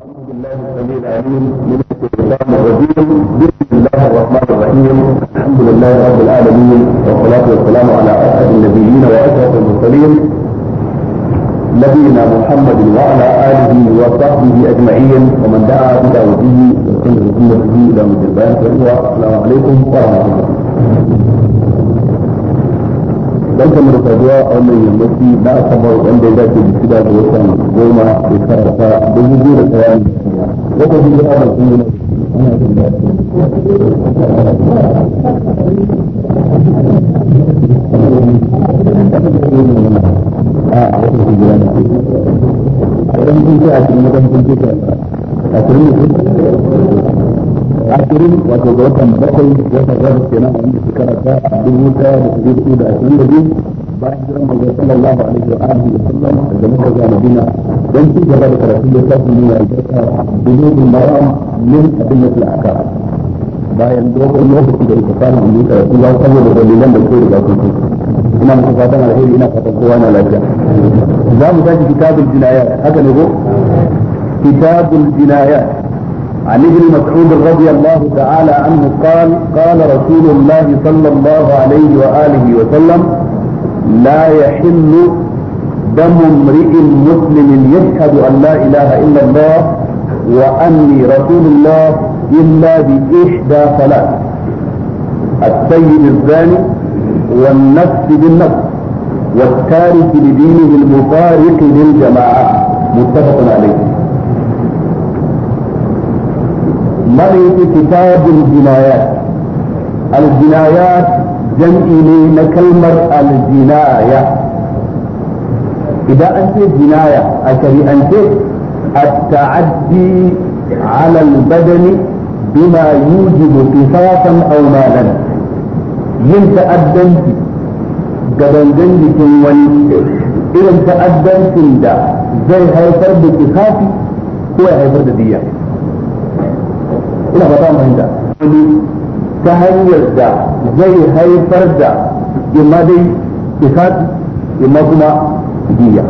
الحمد لله السميع العليم من الشيطان الرجيم بسم الله الرحمن الرحيم الحمد لله رب العالمين والصلاة والسلام على أسعد النبيين وأشرف المرسلين نبينا محمد وعلى آله وصحبه أجمعين ومن دعا بدعوته وسنة سنته إلى مجد السلام عليكم ورحمة الله barkan da a wannan yammaci na asabar wanda ya dace da shida da watan goma da karata da zuzu da ɗaya da ana sun yi a a ashirin wato ga watan bakwai watan rabu kenan a inda shekara a dubu daya da ɗari hudu da ashirin da biyu bayan jiran manzo sallallahu alaihi wa alihi wa sallam daga Makka zuwa Madina don ci gaba da karatu da tafi a jirka bulugul maram min adillatul akab bayan dogon lokaci da ita samu ne karatu ya saboda dalilan da ke riga sun kai ina muku fatan alheri ina fatan kowa na lafiya za mu tashi kitabul jinayat haka ne ko kitabul jinayat عن ابن مسعود رضي الله تعالى عنه قال قال رسول الله صلى الله عليه وآله وسلم لا يحل دم امرئ مسلم يشهد أن لا إله إلا الله وأني رسول الله إلا بإحدى ثلاث السيد الزاني والنفس بالنفس والتارك لدينه المفارق للجماعة متفق عليه ملئ كتاب الجنايات الجنايات جمع لي كلمة الجناية إذا أنت جناية أشري أنت التعدي على البدن بما يوجب قصاصا أو مالا yin ta'addanci gaban jikin wani irin ta'addancin da zai haifar da kisafi ko ya haifar da diya ina ba ta wani ta hanyar da zai haifar da imma dai imma kuma biya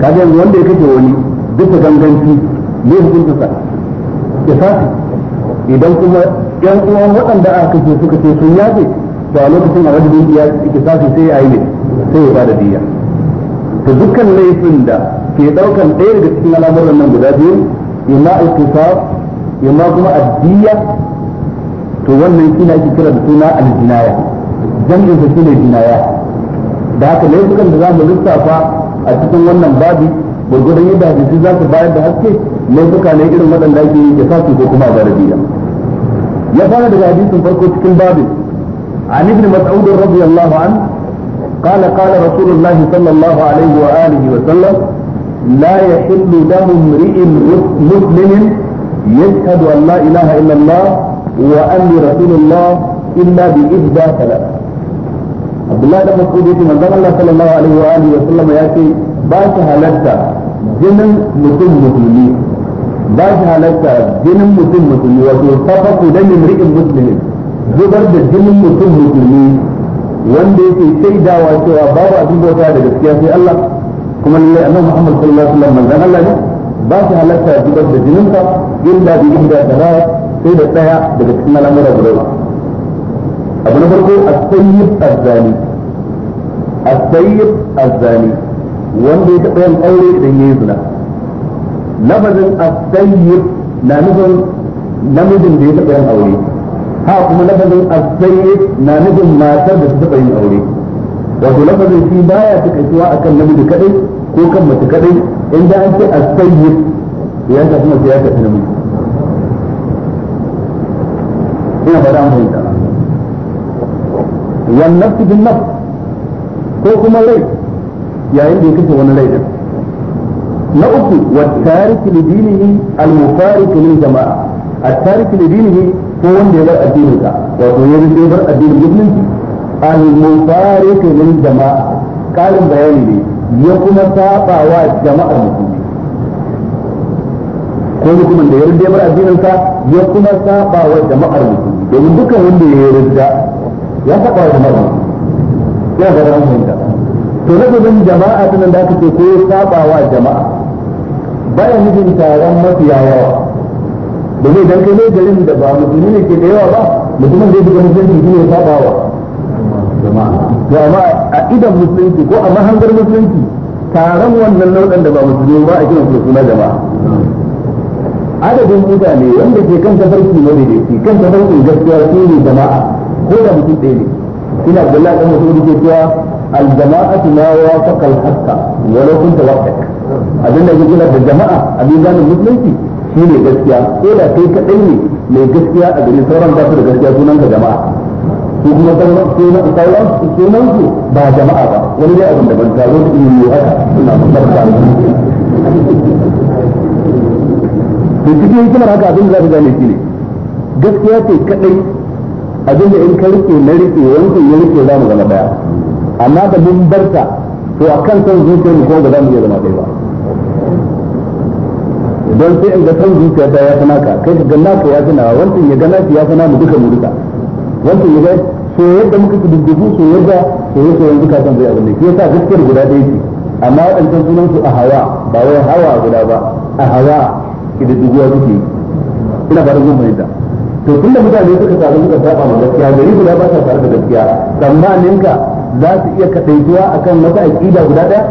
kaga wanda ya kace wani duka ganganci ne hukunta sa ikati idan kuma yan uwan waɗanda aka kace suka ce sun to a lokacin a wajen biya ikati sai ya yi ne sai ya bada biya to dukkan laifin da ke daukan ɗaya daga cikin al'amuran nan guda biyu imma ikati yamma kuma addiya to wannan shi ake kira da suna aljinaya jam'in sa shine jinaya da haka laifukan da zamu lissafa a cikin wannan babi gurgurdan yadda hadisi za su bayar da haske laifuka ne irin waɗanda ake yi kisasi ko kuma garabiya ya fara daga hadisin farko cikin babin عن ابن مسعود رضي الله عنه قال قال رسول الله صلى الله عليه وآله وسلم لا يحل له امرئ مسلم يشهد أن لا إله إلا الله وأني رسول الله إلا بإحدى ثلاثة عبد الله بن مسعود يقول من الله صلى الله عليه وآله وسلم يأتي باش هلتا جنن مسلم مسلمي باش هلتا جنن مسلم مسلمي وتوصفق دم امرئ مسلم zubar da jinin mutum musulmi wanda yake shaidawa cewa babu abin bauta da gaskiya sai Allah kuma lallai annabi Muhammad sallallahu alaihi wasallam manzon Allah ne ba shi halatta ya zubar da jininsa illa bi inda da baya sai da tsaya daga cikin al'amura guda abu na farko as-sayyid az-zani sayyid az wanda ya taɓa yin aure idan yayi zina lafazin as-sayyid na nufin namijin da ya taɓa yin aure ha kuma lafazin as-sayyid na nufin matar da ta taɓa yin aure wato lafazin shi baya takaituwa akan namiji kaɗai ko kan mace kadai in da an ce a sayyid ya ta kuma ya ta ilimi ina ba dan fahimta wan nafsi bin nafs ko kuma rai yayin da yake wani rai na uku wa tarihi li dinihi al-mufariq lil jama'a a tarihi li dinihi ko wanda ya bar addinin ka wato ya bar addinin musulunci al-mufariq lil jama'a kalin bayani ne ya kuma saba wa jama'ar musulmi ko mutumin da ya rinda bar addinin ya kuma saba wa jama'ar musulmi domin dukkan wanda ya rinda ya saba wa jama'ar musulmi ya ga ran da to lafazin jama'a din da aka ce ko ya saba wa jama'a baya nufin taron mafiya yawa domin idan kai ne garin da ba musulmi ne ke da yawa ba mutumin da ya shiga musulunci ne ya saba wa jama'a to amma a idan musulunci ko a mahangar musulunci taron wannan nau'in da ba musulmi ba a kira su suna jama'a adadin mutane wanda ke kan tafarki ne da ke kan tafarki gaskiya su ne jama'a ko da mutum ɗaya ne ina galla kan mutum da ke cewa aljama'atu ma wafaqa al-haqqa walau kunta wahdak abin da yake da jama'a abin da musulunci shine gaskiya ko da kai kadai ne mai gaskiya a gari sauran ba su da gaskiya sunan ka jama'a ko kuma sauran ko na nan ba jama'a ba wani ne abin da ban haka suna mafarka da cikin hikimar haka abin za gane shi ne gaskiya ce abin da in ka rike na rike wancan ya rike za mu zama amma da mun to a kan son zuciya mu kuma za mu iya zama ba don sai in ga son zuciya ta ya sanaka kai ga naka ya sanawa wancan ya ga naki ya sana mu duka mu duka wancan ya ga so yadda muka ki dindigu so yadda so yadda duka kan zai abin da shi yasa gaskiyar guda ɗaya ce amma waɗancan sunan su a hawa ba wai hawa guda ba a hawa ki dindigu ya suke ina ba da gumma yadda to tun da mutane suka taru suka saba ma gaskiya gari guda ba sa tare da gaskiya ka za su iya kaɗaituwa kan wata aƙida guda ɗaya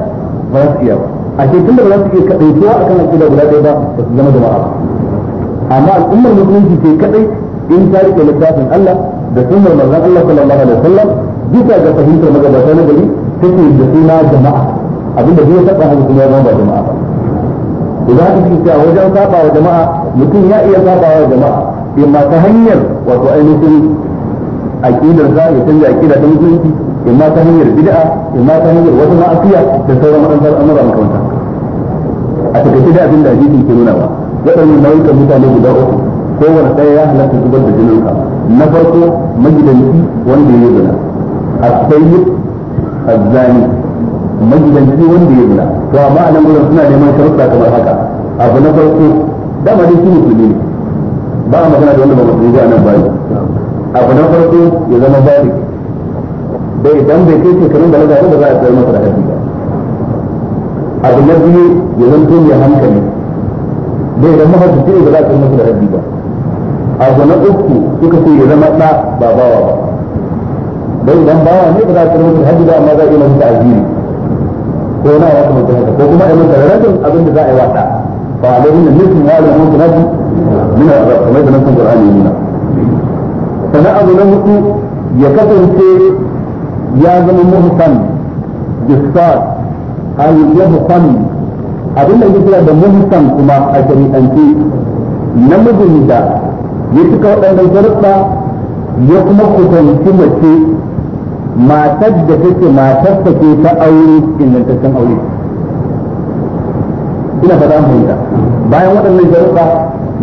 ba za su iya ba a ce tun da ba za su iya kaɗaituwa kan aƙida guda ɗaya ba ba su zama jama'a ba amma al'ummar musulunci ce kaɗai in ta riƙe littafin Allah da sunar manzon Allah sallallahu alaihi wasallam bisa ga fahimtar magabata na gari take da suna jama'a abinda bai saba haka kuma ya zama jama'a ba idan aka ce cewa wajen saba wa jama'a mutum ya iya saba wa jama'a imma ta hanyar wato ainihin aqidar za ya canza aqida ta musulunci imma ta hanyar bid'a imma ta hanyar wata ma'asiya da sauran wadannan al'amura makamanta a takaice da abin da hadisi ke nuna wa waɗannan nau'ikan mutane guda uku kowane ɗaya ya halatta zubar da jininka na farko magidanci wanda ya zina a a zani magidanci wanda ya zina to amma a nan gudan suna neman sharuɗa kamar haka abu na farko dama dai shi musulmi ne ba a magana da wanda ba musulmi a nan bayi abu na farko ya zama bari bai dan bai kai shekarun da na ba za a tsayar masa da ba abu na biyu ya zama zanto mai hankali bai da mahaifi ne ba za a tsayar masa da hadisi ba abu na uku suka ce ya zama ɗa ba bawa ba dai idan bawa ne ba za ta rubuta hajji ba amma za a yi mafi aziri ko na ya kuma haka ko kuma a yi masa rabin abin da za a yi wata ba a alaihi na nufin ya zama mutu nafi min da kamar da nan qur'ani nuna sannan abu na hudu ya kasance ya zama muhsan a an ya abin da ya kira da muhsan kuma a shari'ance namijin da ya cika waɗannan zarafa ya kuma kusanci mace matar da take matar ta ke ta aure ingantaccen aure ina faɗa fahimta bayan waɗannan zarafa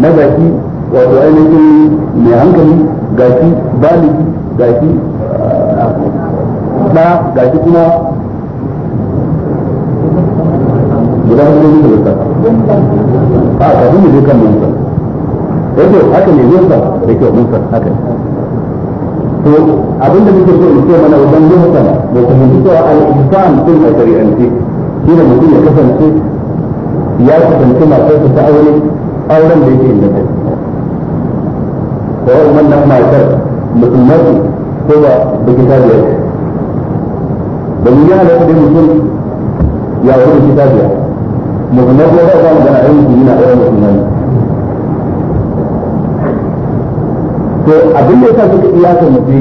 na gashi wato ainihin mai hankali gashi baligi gashi ah, ɗa gashi kuma guda hudu ne da a kafin da kan mun yake haka ne musa da kyau musa haka ne to abin da muke so in ce mana wajen musa da fahimci cewa al-ihsan din a shari'ance shine mutum ya kasance ya kasance matarsa ta aure auren da yake inda kai ko wannan matar musulmai ko ba da da domin ya halatta da mutum ya wuri kitabiya musulmai ko ba za mu gana ayyukan yana auren musulmai to abin da yasa suka iyaka mutu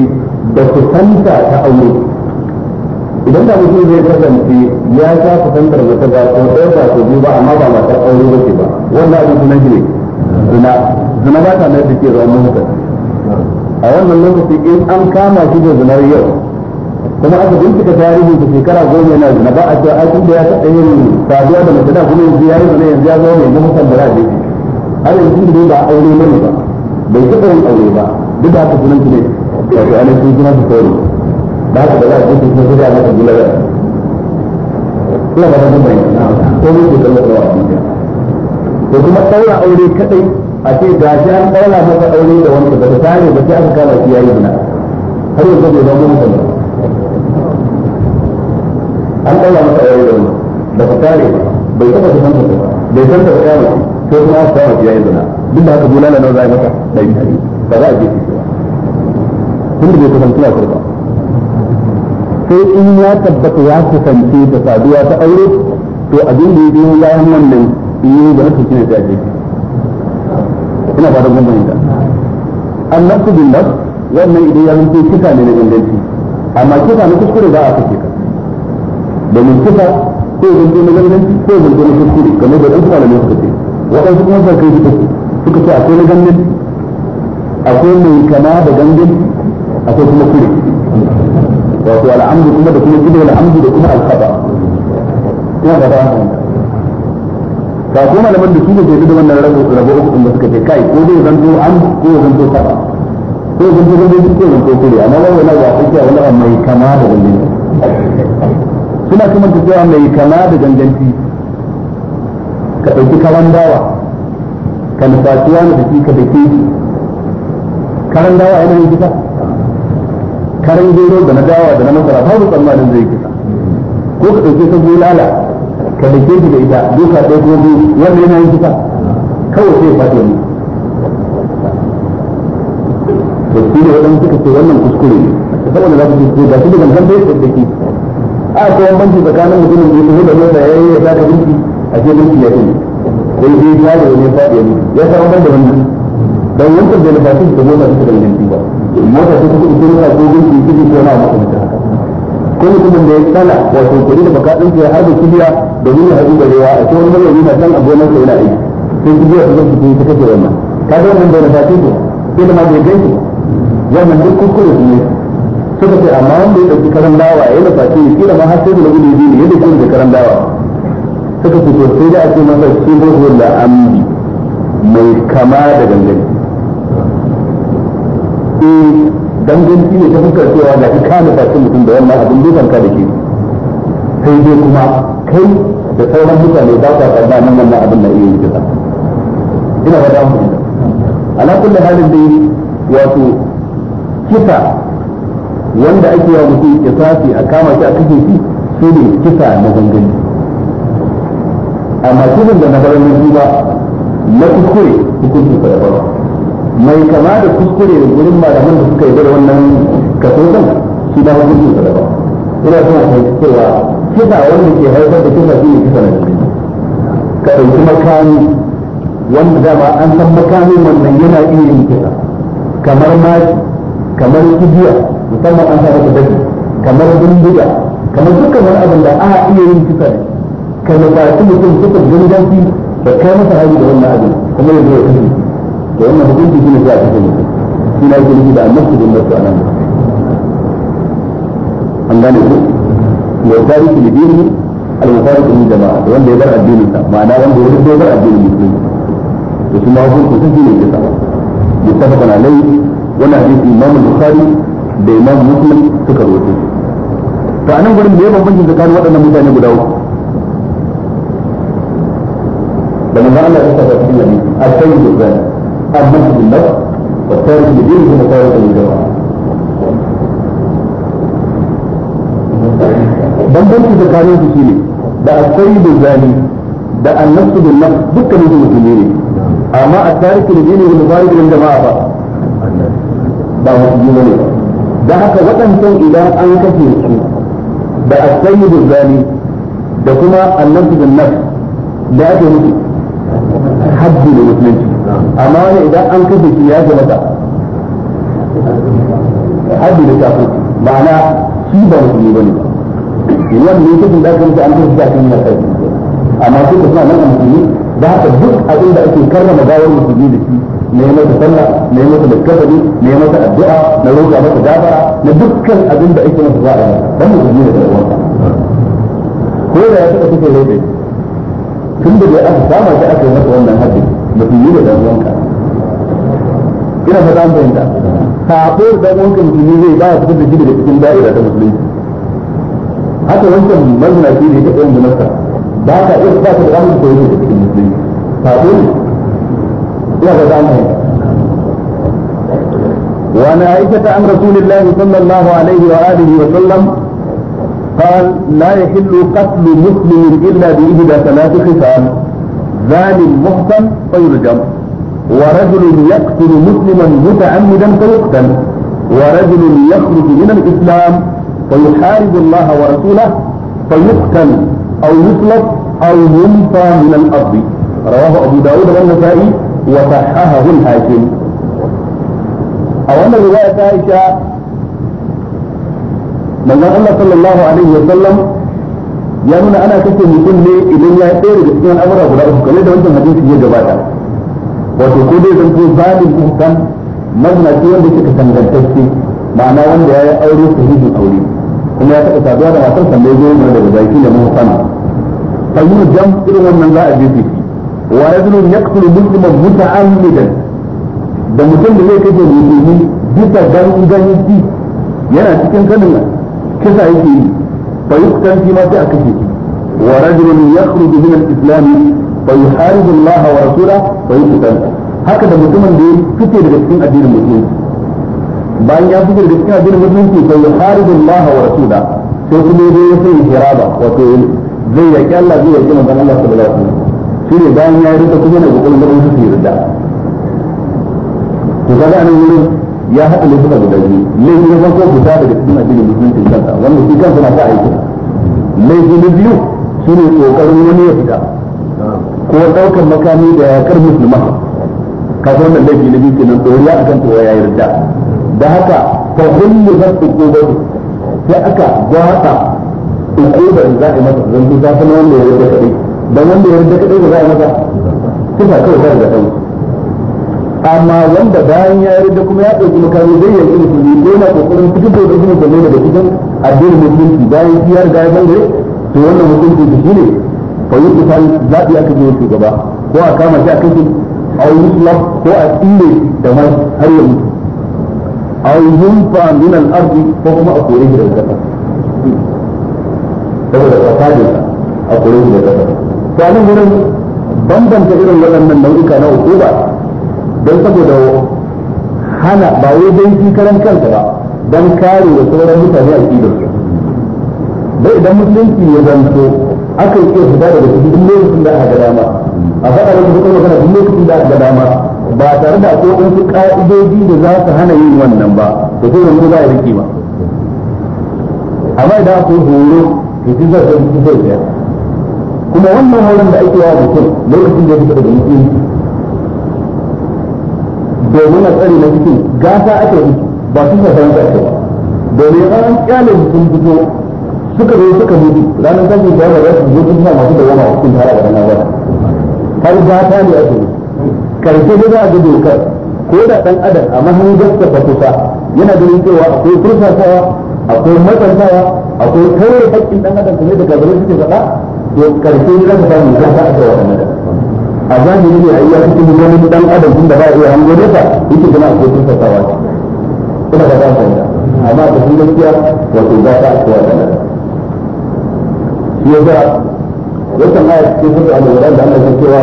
da santa ta aure idan da mutum zai mutu ya sha kusantar mace ba ko ɗaya ba ko biyu ba amma ba matar aure ba ce ba wannan abin sunan shi ne zina zina ba ta mai da zama mutu a wannan lokaci in an kama shi da zinar yau kuma aka bincika tarihin da shekara goma yana zina ba a cewa aikin da ya taɓa yin saduwa da mace da kuma yanzu ya yi zina yanzu ya zama mai mahukar da za a har yanzu ne ba aure ne ba bai taɓa yin aure ba duk da haka sunan su ne wato ana sun suna su kawai da haka da za a ce sun sai a masa bulagar ina ba ta kuma yi ko mun ke a rawa ko kuma ɗaura aure kaɗai a ce ga shi an ɗaura masa aure da wanda ba ta tare ba sai aka kama shi yayi zina har yanzu bai zama mun kallon an ɗaura masa aure da wanda ba ta tare bai taɓa su san ba bai san ta ba kama shi sai kuma aka kama shi yayi zina duk da haka bulala na za a mata ɗari ba za a je tunda bai kusanci na kurba sai in ya tabbata ya kusance da saduwa ta aure to abin da ya biyo bayan wannan yi da nufin shine ta je ina fata kun fahimta an nafsu bin nafs wannan idan ya zanto kisa ne na inganci amma kisa na kuskure ba a kashe ka domin kisa ko zanto na ganganci ko zanto na kuskure kamar da ɗan kuma da ne suka ce waɗansu kuma kai suka ce suka ce akwai na gandun akwai mai kama da gandun akwai kuma kure wato al'amdu kuma da kuma kido al'amdu da kuma alkhata kuma ga ta ba kuma malaman da su ne ke da wannan rabo rabo uku da suka ce kai ko zai zanto an ko zanto saba ko zanto gangan ko zanto kure amma wannan na wasu ko wani abu mai kama da gandun. suna kuma cewa mai kama da ganganci ka ɗauki kawan dawa ka nufaci wani da ka da ke karan dawa yana yin kisa karan gero da na dawa da na masara babu tsammanin zai kisa ko ka ɗauke ta bulala ka da ke da ita duka ɗaya ko biyu wanda yana yin kisa kawai sai fata ne da su ne waɗanda suka ce wannan kuskure ne saboda za su ce ga shi da gangan bai da ke a ko banci tsakanin mutumin da ya da da ya yi ya ka binci a ce binci ya ce sai sai ya da wani fadi ya mutu ya samu da wannan wancan da ba da mota suka da ba mota ta kuka ita ne ko gunki kiji ko na maka mutu ko mutumin da ya tsala wato kuri da bakadin ya har da kibiya da wani hadu da rewa a cikin wani yana kan abonan sa yana aiki sai kibiya ta zama cikin ta wannan ka ga wannan da na ko sai da ma ganki wannan duk kuskure ne suka ce amma wanda ya dauki karan dawa ya da fadi kila ma har sai da gudu ne yadda kun da karan dawa suka ce to sai da ake masa da amdi mai kama da gangan eh danganci ne ta fuskar cewa da ka na tashi mutum da wannan abin dukan ka da ke sai dai kuma kai da sauran mutane ba ka tsada nan wannan abin na iya yi ta ina ba da amfani na kulle halin dai wato kisa wanda ake yawa mutum kisasi a kama shi a kashe shi su ne kisa na ganganci amma kiran da na farin nufi ba na kuskure hukuncin sa ba mai kama da kuskure da gurin malaman da suka yi da wannan kaso din shi da hukuncin sa ba ina son a fahimci cewa kisa wanda ke haifar da kisa shi ne kisa na jirgin ka ɗauki makami wanda dama an san makamin wannan yana iya yin kisa kamar maki kamar kibiya musamman an sa masa kamar bindiga kamar dukkan wani abin da a iya yin kisa ne ka nufaci mutum suka ganganci da kai masa hari da wannan abin kuma ya zo ya kashe da wannan hukunci shi za a kashe mutum shi na yake nufi da annabi da nasu anan an gane ku ya tsari shi dini al-mufarid min jama'a wanda ya bar addinin sa ma'ana wanda ya bar addinin musulmi da kuma hukunci shi ne ke sa mutafaqan alayhi wannan hadisi imam al-bukhari da imam muslim suka rawaito to anan gurin me ya bambanci tsakanin waɗannan mutane guda uku da manzo Allah ya saka cikin nabi al-sayyid ibn al-mufti bin nafs wa tarikh bidin kuma tarikh bin jama'a bambanci tsakanin su shine da al-sayyid zani da al-nafs bin nafs dukkanin su musulmi ne jama'a ba ba ne da haka waɗancan idan an kashe su da al-sayyid da kuma al-nafs bin nafs da ake mutu haddi da musulunci amma idan an kashe shi ya ga mata haddi da kafin ma'ana shi ba musulmi ba ne wannan ne kashin da aka mutu an kashe shi a kan yana kai amma su ka suna nan a musulmi da haka duk abinda da ake karrama bayan musulmi da shi ne masa sallah ne masa littafi ne masa addu'a na roƙa masa gafara na dukkan abinda da ake masa za'a dan musulmi da ɗan uwansa ko da ya taɓa cikin laifi tun da aka kama shi aka yi masa wannan haddi mutum yi da dan uwanka ina fata an fahimta sabo da dan uwanka ne zai ba ya fitar da shi da cikin da'ira ta musulunci haka wancan mazina shi ne ta ɗayan masa ba ka iya ba ka da ramin koyo daga cikin musulunci sabo ne ina fata an fahimta وعن عائشة عن رسول الله صلى الله عليه وآله وسلم قال لا يحل قتل مسلم إلا باذن ثلاث خصال ذال محسن فيرجم ورجل يقتل مسلما متعمدا فيقتل ورجل يخرج من الإسلام فيحارب الله ورسوله فيقتل أو يطلق أو ينفى من الأرض رواه أبو داود والنسائي وصححه الحاكم ان رواية عائشة manzon Allah sallallahu alaihi wa sallam ya nuna ana kashe mutum ne idan ya tsere da cikin al'amura guda uku kamar da wancan hadisi ya gabata wato ko dai zan ko kan ihsan ce wanda suka tangantacce ma'ana wanda ya yi aure sahihin aure kuma ya taɓa saduwa da matar sanda ya zo mana daga baki da mun sama mu jam irin wannan za a jefe shi wa rajulun yaqtulu musliman muta'ammidan da mutum da zai kashe ne bisa ganganci yana cikin kanin kisa yake yi fa yuktan fi ma sai a kashe shi wa rajulun yakhruju min al-islam fa yuharibu Allah wa rasulahu fa yuktan haka da mutumin da ya fice daga cikin addinin musulunci bayan ya fice daga cikin addinin musulunci fa yuharibu Allah wa rasulahu sai kuma ya yi sai hiraba wato zai yaki Allah zai yaki manzon Allah sallallahu alaihi wasallam shine bayan ya rika kuma ne kokarin da su yarda to kaga anan wurin ya haɗa laifuka guda biyu laifi na farko fita daga cikin addinin musulunci kansa wannan shi kansa na sa aiki laifi na biyu shi ne kokarin wani ya fita ko ɗaukar makami da yakar musulma kafin wannan laifi na biyu kenan a akan tsoriya ya yarda da haka ta hulli ba su ko sai aka gwata ukubar da za a yi masa zan ta zama wanda ya yarda kaɗai dan wanda ya yarda kaɗai da za a yi masa sifa kawai za a ga amma wanda bayan ya yarda kuma ya ɗauki makami zai yi ilimi ko yana kokarin fitar da ilimi da daga cikin addinin musulunci bayan shi ya riga ya bangare to wannan musulunci da shine fa yi kusan zaɓi aka je shugaba ko a kama shi a kashe a yi islam ko a tsire da mai har ya mutu a yi yunfa min al'arzi ko kuma a kore shi daga ƙasa saboda fasadinsa a kore shi daga ƙasa to a nan wurin bambanta irin waɗannan nau'ika na hukuma don saboda hana ba wai don shi karan kansa ba don kare da sauran mutane a su, bai idan musulunci ya zanto aka yi iya fita daga cikin duk lokacin da aka ga dama a faɗa da kuma magana duk lokacin da aka ga dama ba tare da ko wasu ƙa'idodi da za su hana yin wannan ba da sai wani ba ya rike ba amma idan akwai horo to shi zai zai kuma wannan horon da ake yawa kyau lokacin da ya fita daga musulunci domin a tsari na cikin gasa ake yi ba su sasan ta ce domin an kyale sun fito suka zo suka mutu ranar tashi da yawa za su zo sun masu da yawa cikin tara da nan gaba har ta ne ake yi karshe da za a ga dokar ko da dan adam a mahangarsa da kusa yana ganin cewa akwai kurfasawa akwai matsantawa akwai kawai hakkin dan adam kamar da gabanin suke faɗa to karshe za ka samu gata a kai wannan. a zahiri ne a iya cikin wani dan adam tun da ba a iya hango nesa yake gina a cikin fasawa kuma ka zaka yi amma da sun gaskiya wato za ta kowa da nan shi ya ga wannan aya cikin ta al-Qur'an da Allah ya cewa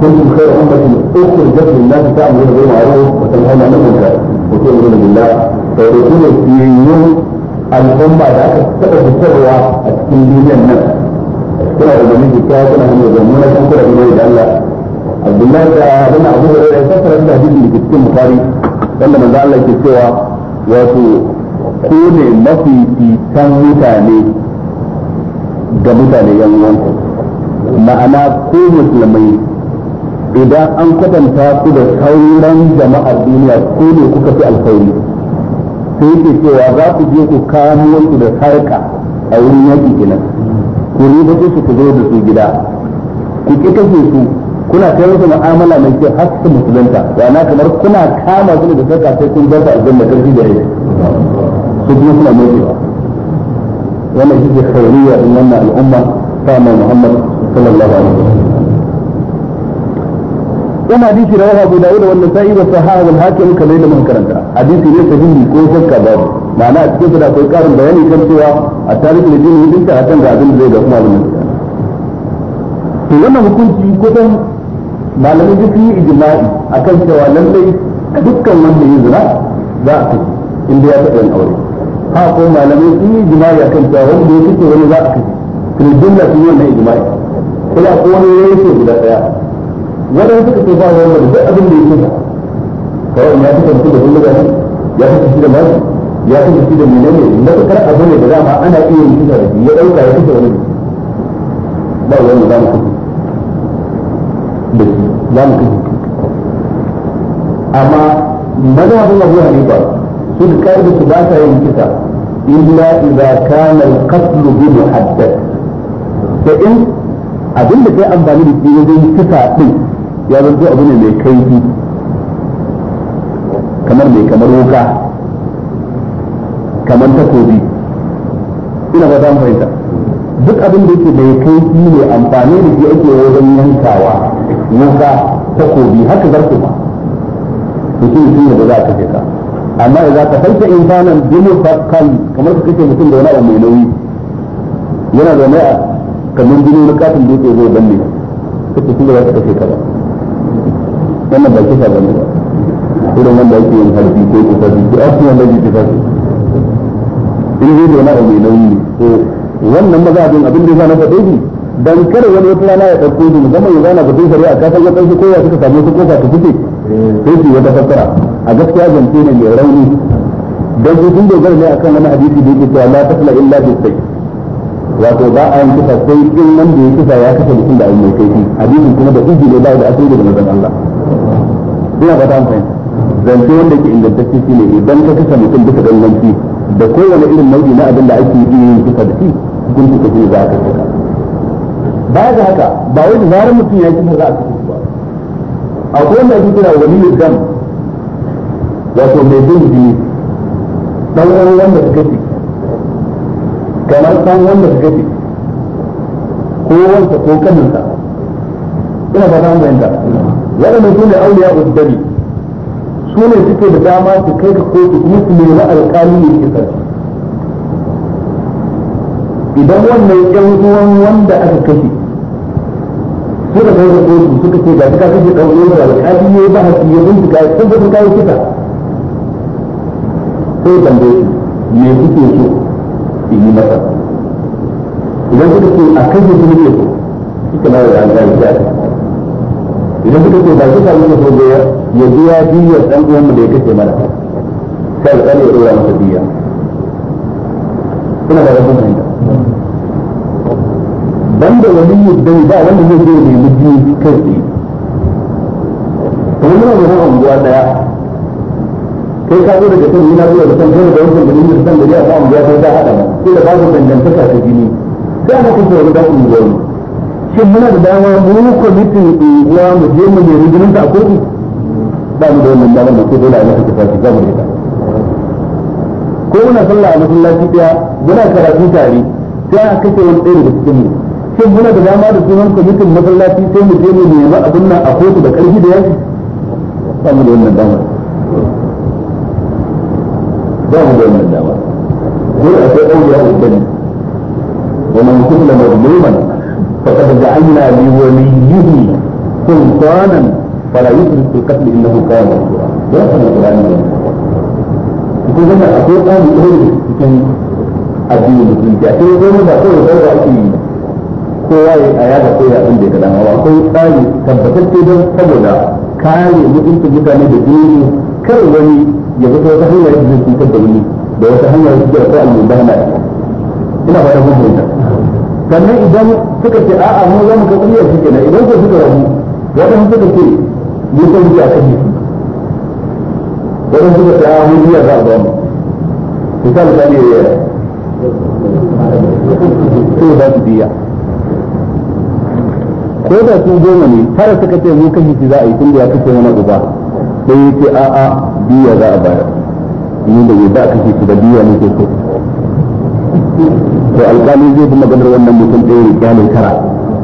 kuntum khayra ummatin ukhrijat lin-nas ta'muru bil ma'ruf wa tanhauna 'anil munkar wa tu'minuna billah fa yakunu fiyyun al-umma da al'umma da aka taba fitarwa a cikin duniyar nan kuna da gani da kyawu kuna hanyar da muna kan kuna imani da Allah Abdullahi da abin abu da ya fassara da hadisi da cikin Bukhari wanda manzo Allah ke cewa wato ko ne mafi fitan mutane ga mutane yan uwanku ma'ana ko musulmai idan an kwatanta ku da sauran jama'ar duniya ko ne kuka fi alkhairi sai ke cewa za ku je ku kamo su da sarka a wurin yaki kenan ku riba su ku zo da su gida ku ki kashe su kuna kai musu mu'amala mai kyau har su musulunta na kamar kuna kama su da saka sai kun zata da karfi da rai su kuma suna mutuwa wannan shi ke khairiyya din wannan al'umma ta mai Muhammad sallallahu alaihi wasallam yana hadisi da wahabu da wannan sa'i wa sahahu al-hakim kamar da mun karanta hadisi ne sahihi ko shakka babu ma'ana a cikin da akwai karin bayani kan cewa a tarihin yi dinka a can ga abin da zai ga kuma malamin to wannan hukunci kusan malamin duk yi a akan cewa lallai dukkan wanda ya zina za a kashe inda ya taɓa yin aure ha ko malamai sun yi a akan cewa wanda ya kashe wani za a kashe kirjinna sun yi wannan ijima'i. kuma ko wani ya ce guda ɗaya wadanda suka ce ba wanda duk abin da ya kashe kawai ya kasance da kullum ya ya shi da mashi ya kashe shi da menene matukar abu ne da dama ana iya yin kisa da shi ya dauka ya kashe wani ba wani za mu kashe da shi za mu kashe amma mazhabin abu hanifa su da karbi su ba sa yin kisa illa idza kana al-qatl bi muhaddath da in abin da kai amfani da shi wajen kisa din ya zanto abu ne mai kaifi kamar mai kamar wuka kamar takobi ina ba zan fahimta duk abin da yake bai kai shi ne amfani da shi ake wajen yankawa yanka takobi haka zarku ba mutum shi ne da za ka kashe ka amma idan ka farka insanan dinu fakkan kamar ka kashe mutum da wani abu mai nauyi yana da mai kamar dinu na katin da yake zai danne ka ce shi za ka kashe ka ba wannan ba kisa ba ne ba irin wanda ake yin harbi ko kusa duk asiyan da yake kasa in yi wani abu mai nauyi ne ko wannan maza abin abin da ya na faɗe shi dan kar wani wata rana ya ɗauko shi musamman ya zana batun shari'a ka san wadansu kowa suka samu su kofa ta fice sai su wata fassara a gaskiya zance ne mai rauni dan su sun dogara ne akan wani hadisi da yake cewa la tasla illa bi sai wato ba a yin kisa sai in wanda ya kisa ya kasa mutum da ayyukan kaifi hadisin kuma da izini ba da asali daga manzon Allah ina ba ta amfani zance wanda ke ingantacce shine idan ka kasa mutum bisa ganganci da kowane irin nau'i na abin da ake yi yin kisa da shi hukunci ka shi za ka saka baya ga haka ba wai zarar mutum ya kisa za a kisa ba A wanda ake kira wani dam wato mai bin jini ɗan wani wanda suka fi kamar ɗan wanda suka fi ko wansa ko kaninsa ina ba ta hanyar da waɗanda su ne auliya uddari su ne suke da dama su kai ka kotu kuma su nemi alƙali ne ke sarki idan wannan ɗan uwan wanda aka kashe suka kai ka kotu suka ce ga suka kashe ɗan uwan da alƙali ne ba haki ya bincika ya tabbatar kayi kisa sai tambaye su me suke so su yi masa idan suka ce a kashe su ne so suka na da alƙali ya idan suka ce ba su kisa ne so ya biya biyar dan uwanmu da ya kashe mara sai alƙali ya ɗora masa biya kuna da rabin fahimta banda wani yadda ba wanda zai je ne mutu kai tsaye kamar yana zama unguwa daya kai ka zo daga can yana zuwa da can kai da wancan da nuna san gari a kan unguwa sai ta haɗa ba sai da babu dangantaka ta jini sai ana kashe wani dan unguwa shin muna da dama mu kwamitin unguwa mu je mu nemi jinin ta a kotu ba mu da wannan damar da ke dole a ko muna sallah a masallaci daya muna karatu tare sai a kashe wani ɗaya daga cikin mu shin muna da dama da sunan kwamitin masallaci sai mu je mu nemi abin nan a kotu da ƙarfi da yaki ba mu da wannan damar ba mu da wannan damar dole فلا يسرف في القتل انه كان مشهورا ده القران ko kuma akwai tsari a cikin goma ba ya a koya da ya ma akwai tsari tabbatacce don saboda kare mutane da kar wani ya fito wata hanyar da zai cutar da wani da wata hanyar da zai ina fata mun fahimta sannan idan suka ce a'a mu za mu kai idan ko suka rabu waɗansu suka ce mu ko mu akan mu wannan suka ta mu biya za a ba mu misal ka ne ya ko za su biya ko da su goma ne tara suka ce mu kashi shi za a yi tun da ya kace wani uba sai ya ce a a biya za a bayar ni da za a kashe shi da biya ne ke so to alƙali zai fi maganar wannan mutum ɗaya ne kyalin tara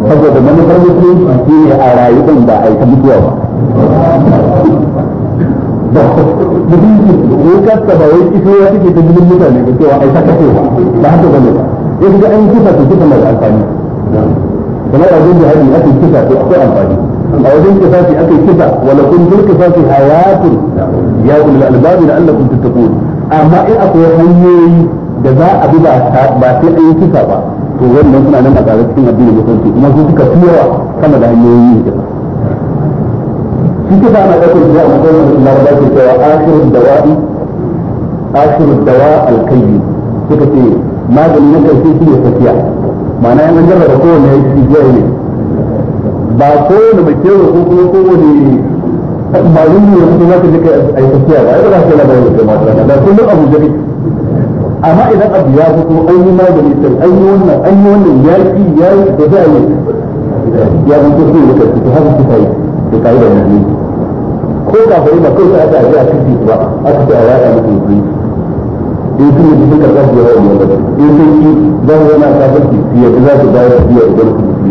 saboda manufar mutu shi ne a rayu ɗin ba a yi ta mutuwa ba mutunci kasta ba wai kiso ya take ta jinin mutane ba cewa ta ba haka ba ga an mai amfani kamar a wajen ake akwai amfani a wajen ake wala kun hayatun ya amma in akwai hanyoyi da za a bi ba sai an yi kisa ba to wannan suna nan a tsare cikin addinin musulunci kuma su suka fi yawa sama da hanyoyin yin hijira shi ke sa ana ɗaukar zuwa da matsayin da ke cewa ashirin dawa'i ashirin dawa alkayi suka ce magani na ƙarshe shi ne tafiya ma'ana yan an jarraba kowane ya ci jiya ne ba kowane mai kewa ko kuma kowane malumi ne wani kuma za ka je kai a yi tafiya ba ya ba za ka yi labarin da kai ba da kullum abu da amma idan abu ya fito an yi magani sai an yi wannan an yi wannan ya ki ya yi da za a yi ya zanto su ya kai da haka suka yi da kai da mutum ko ka fari ba kai sai aka yi a kashi ba aka ce a yaka mutum su in sun yi suka za su yi ba in sun ki da zama ta farki su yadda za su bayar da biya idan su su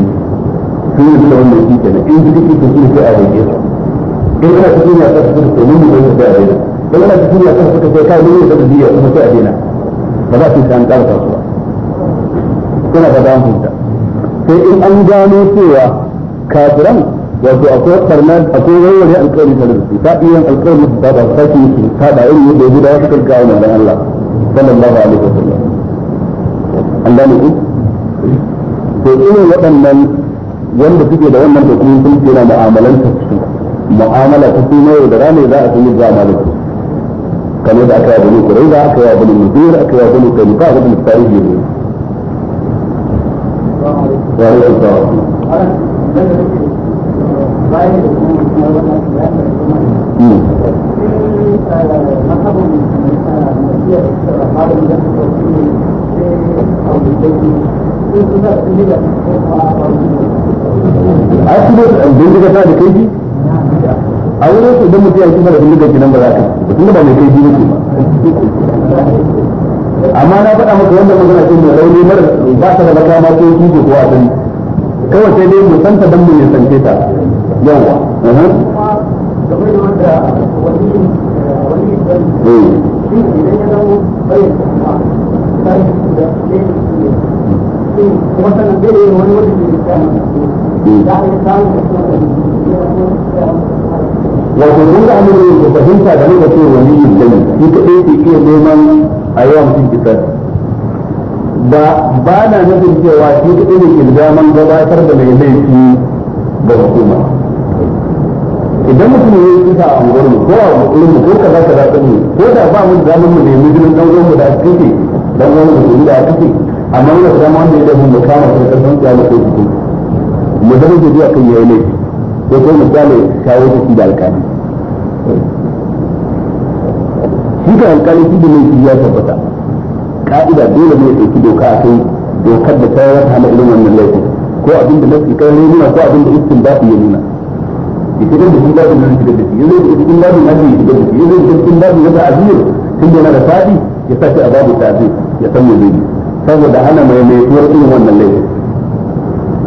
yi da wannan shi kenan in ji ki su sun sai a rage in kana cikin ya kasa suka ce mun yi da da a daina in kana cikin ya kasa suka ce kai mun yi da biya kuma sai a ba za su yi an ƙara kasuwa suna fata an fahimta sai in an gano cewa kafiran wato akwai farnar akwai warware alƙawari tare da su ta iya alƙawari su ta ba su sake su ta da irin yadda ya guda wasu karkawa manzon Allah sallallahu alaihi wa sallam an gane ku to ina waɗannan wanda suke da wannan dokumin sun ce na mu'amalanta su mu'amala ta su mai da rane za a sun yi zama da su كما إذا أكوى بني كريدة أكوى بني مدير أكوى بني قريبا وابن السعيد يمين وهي الصلاة أكبر البنت كتاب كيفي a wurin su idan mutum ya kuma da bindigar kinan ba za ka da ba mai kai biyu ba amma na faɗa maka wanda magana ce mai rauni mara ba ta da makama ko kike ko abin kawai sai dai mu ta dan mu san sanke ta yawa eh kuma sannan da ya amurin da fahimta da nuna ce wani yin gani shi ɗaya ke iya neman a yawan cin kisar ba ba na nufin cewa shi kaɗai ɗaya ke zaman gabatar da mai laifi ga hukuma idan mutum ya yi kisa a unguwar mu ko a unguwar mu ko kaza kaza mu ko da ba mu da zamu mu nemi ɗan uwan mu da aka kike ɗan uwan mu da ake kike amma yana da dama wanda ya dafa mu kama sai ka san tsaya ko jiki mu zama jiki a kan yayi laifi ko ko mu tsale shawo jiki da alƙali shi ka alƙali shi da laifi ya tabbata ka'ida dole ne ya ɗauki doka a kai dokar da ta wata na irin wannan laifin ko abin da laifin kai nuna ko abin da istin ba ya nuna ita da cikin babin nan shiga da shi yanzu da cikin babin nan shiga da shi yanzu da cikin babin nan da azir tun da yana da fadi ya sa shi a babu ta'zir ya san me zai yi saboda hana mai mai tuwar irin wannan laifin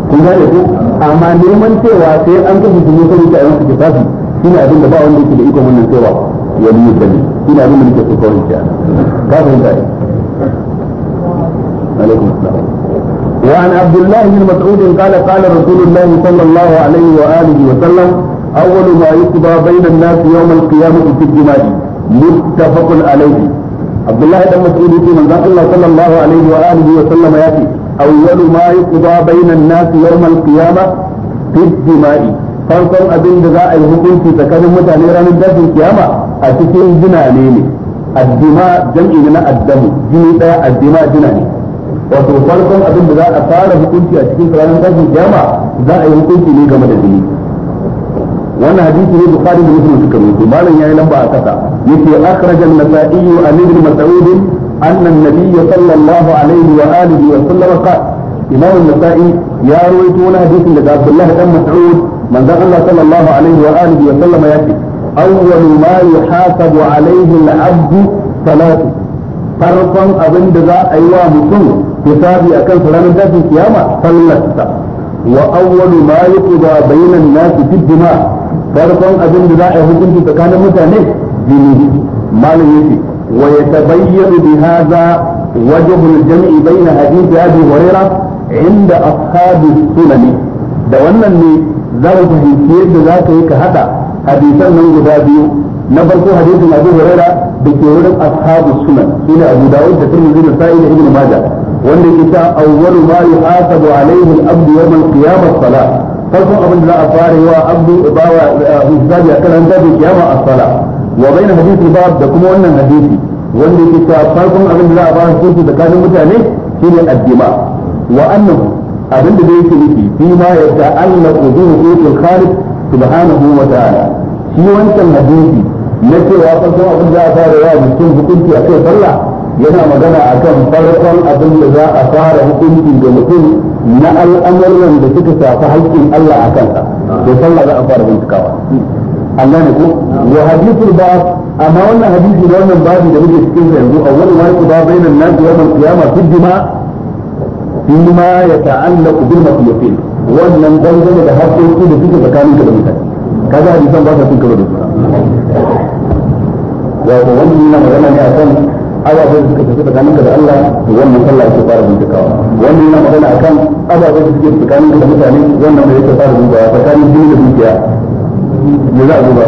kun gane ku amma neman cewa sai an kashe su ne saboda a yansu kifafi shi ne abin da ba wanda yake da ikon wannan cewa ya yi da ne shi abin da nake so kawai ta ka fahimta ne alaikum assalam وعن عبد الله بن مسعود قال قال wa الله صلى الله عليه وآله وسلم أول ما يقضى بين الناس يوم القيامة في الجماع متفق عليه abdullahi dan mas'ud yake manzon Allah sallallahu alaihi wa wa sallam ya ce awwalu ma yuqda bainan nas yawm al-qiyamah abin da za a yi hukunci tsakanin mutane ranar dafin kiyama a cikin jinane ne addima jam'i na addamu jini daya addima jinane wato farkon abin da za a fara hukunci a cikin ranar dafin kiyama za a yi hukunci ne game da jini wannan hadisi ne bukhari da muslim suka rubuta malam yayi lamba a kasa yace akhraja an-nasa'i an ibn mas'ud anna an-nabiy sallallahu alaihi wa alihi wa sallam qala imam an-nasa'i ya rawaito wani hadisin daga abdullah dan mas'ud manzon Allah sallallahu alaihi wa alihi wa sallam yace awwal ma yuhasabu alaihi al-'abd salatu farkon abin da za a yi wa mutum hisabi a sa ranar tashin kiyama sallarsa wa awwal ma yuqda bainan nasi fi dima farkon abin da za a yi hukunci tsakanin mutane jini malam yace wa yatabayyanu bi hadha wajhu al-jam'i bayna hadith abi hurairah inda ashabi sunani da wannan ne za ku fahimci yadda za ka yi ka hada hadisan nan guda biyu na farko hadisin abu huraira da ke wurin ashabu sunan shine abu dawud da tirmidhi da sa'i da ibnu majah wanda a ta awwalu ma yuhasabu alaihi al-abdu yawm al-qiyamah salat farkon abin da za a fara yi wa abdu bawa eh, hisabi akan an tabi kiyama sala wa bayna hadith bab da kuma wannan hadisi wanda yake cewa farkon abin da za a fara da kafin mutane shine addima wa annahu abin da yake nufi fi ma yata'allaqu bi huquqil khaliq subhanahu wa ta'ala shi wancan hadisi na cewa farkon abin da za a fara yi wa mutum hukunci kai sallah yana magana akan farkon abin da za a fara hukunci ga mutum na al'amuran da suka shafi haƙƙin Allah a kansa to sallah za a fara bincikawa an gane ko wa hadithul ba'd amma wannan hadisi da wannan babu da muke cikin yanzu awwal wani yuqda bainan nas yawm al-qiyamah fi dima bima yata'allaqu bil maqlutin wannan dangane da haƙƙoƙi da suke tsakanin ka da mutane kaga hadisan ba sa cin karo da su wannan magana ne akan ababen suka tafi tsakanin da Allah to wannan sallah yake fara bincikawa wannan yana magana akan ababen da suke tsakanin da mutane wannan da yake fara bincikawa tsakanin jini da dukiya me za a duba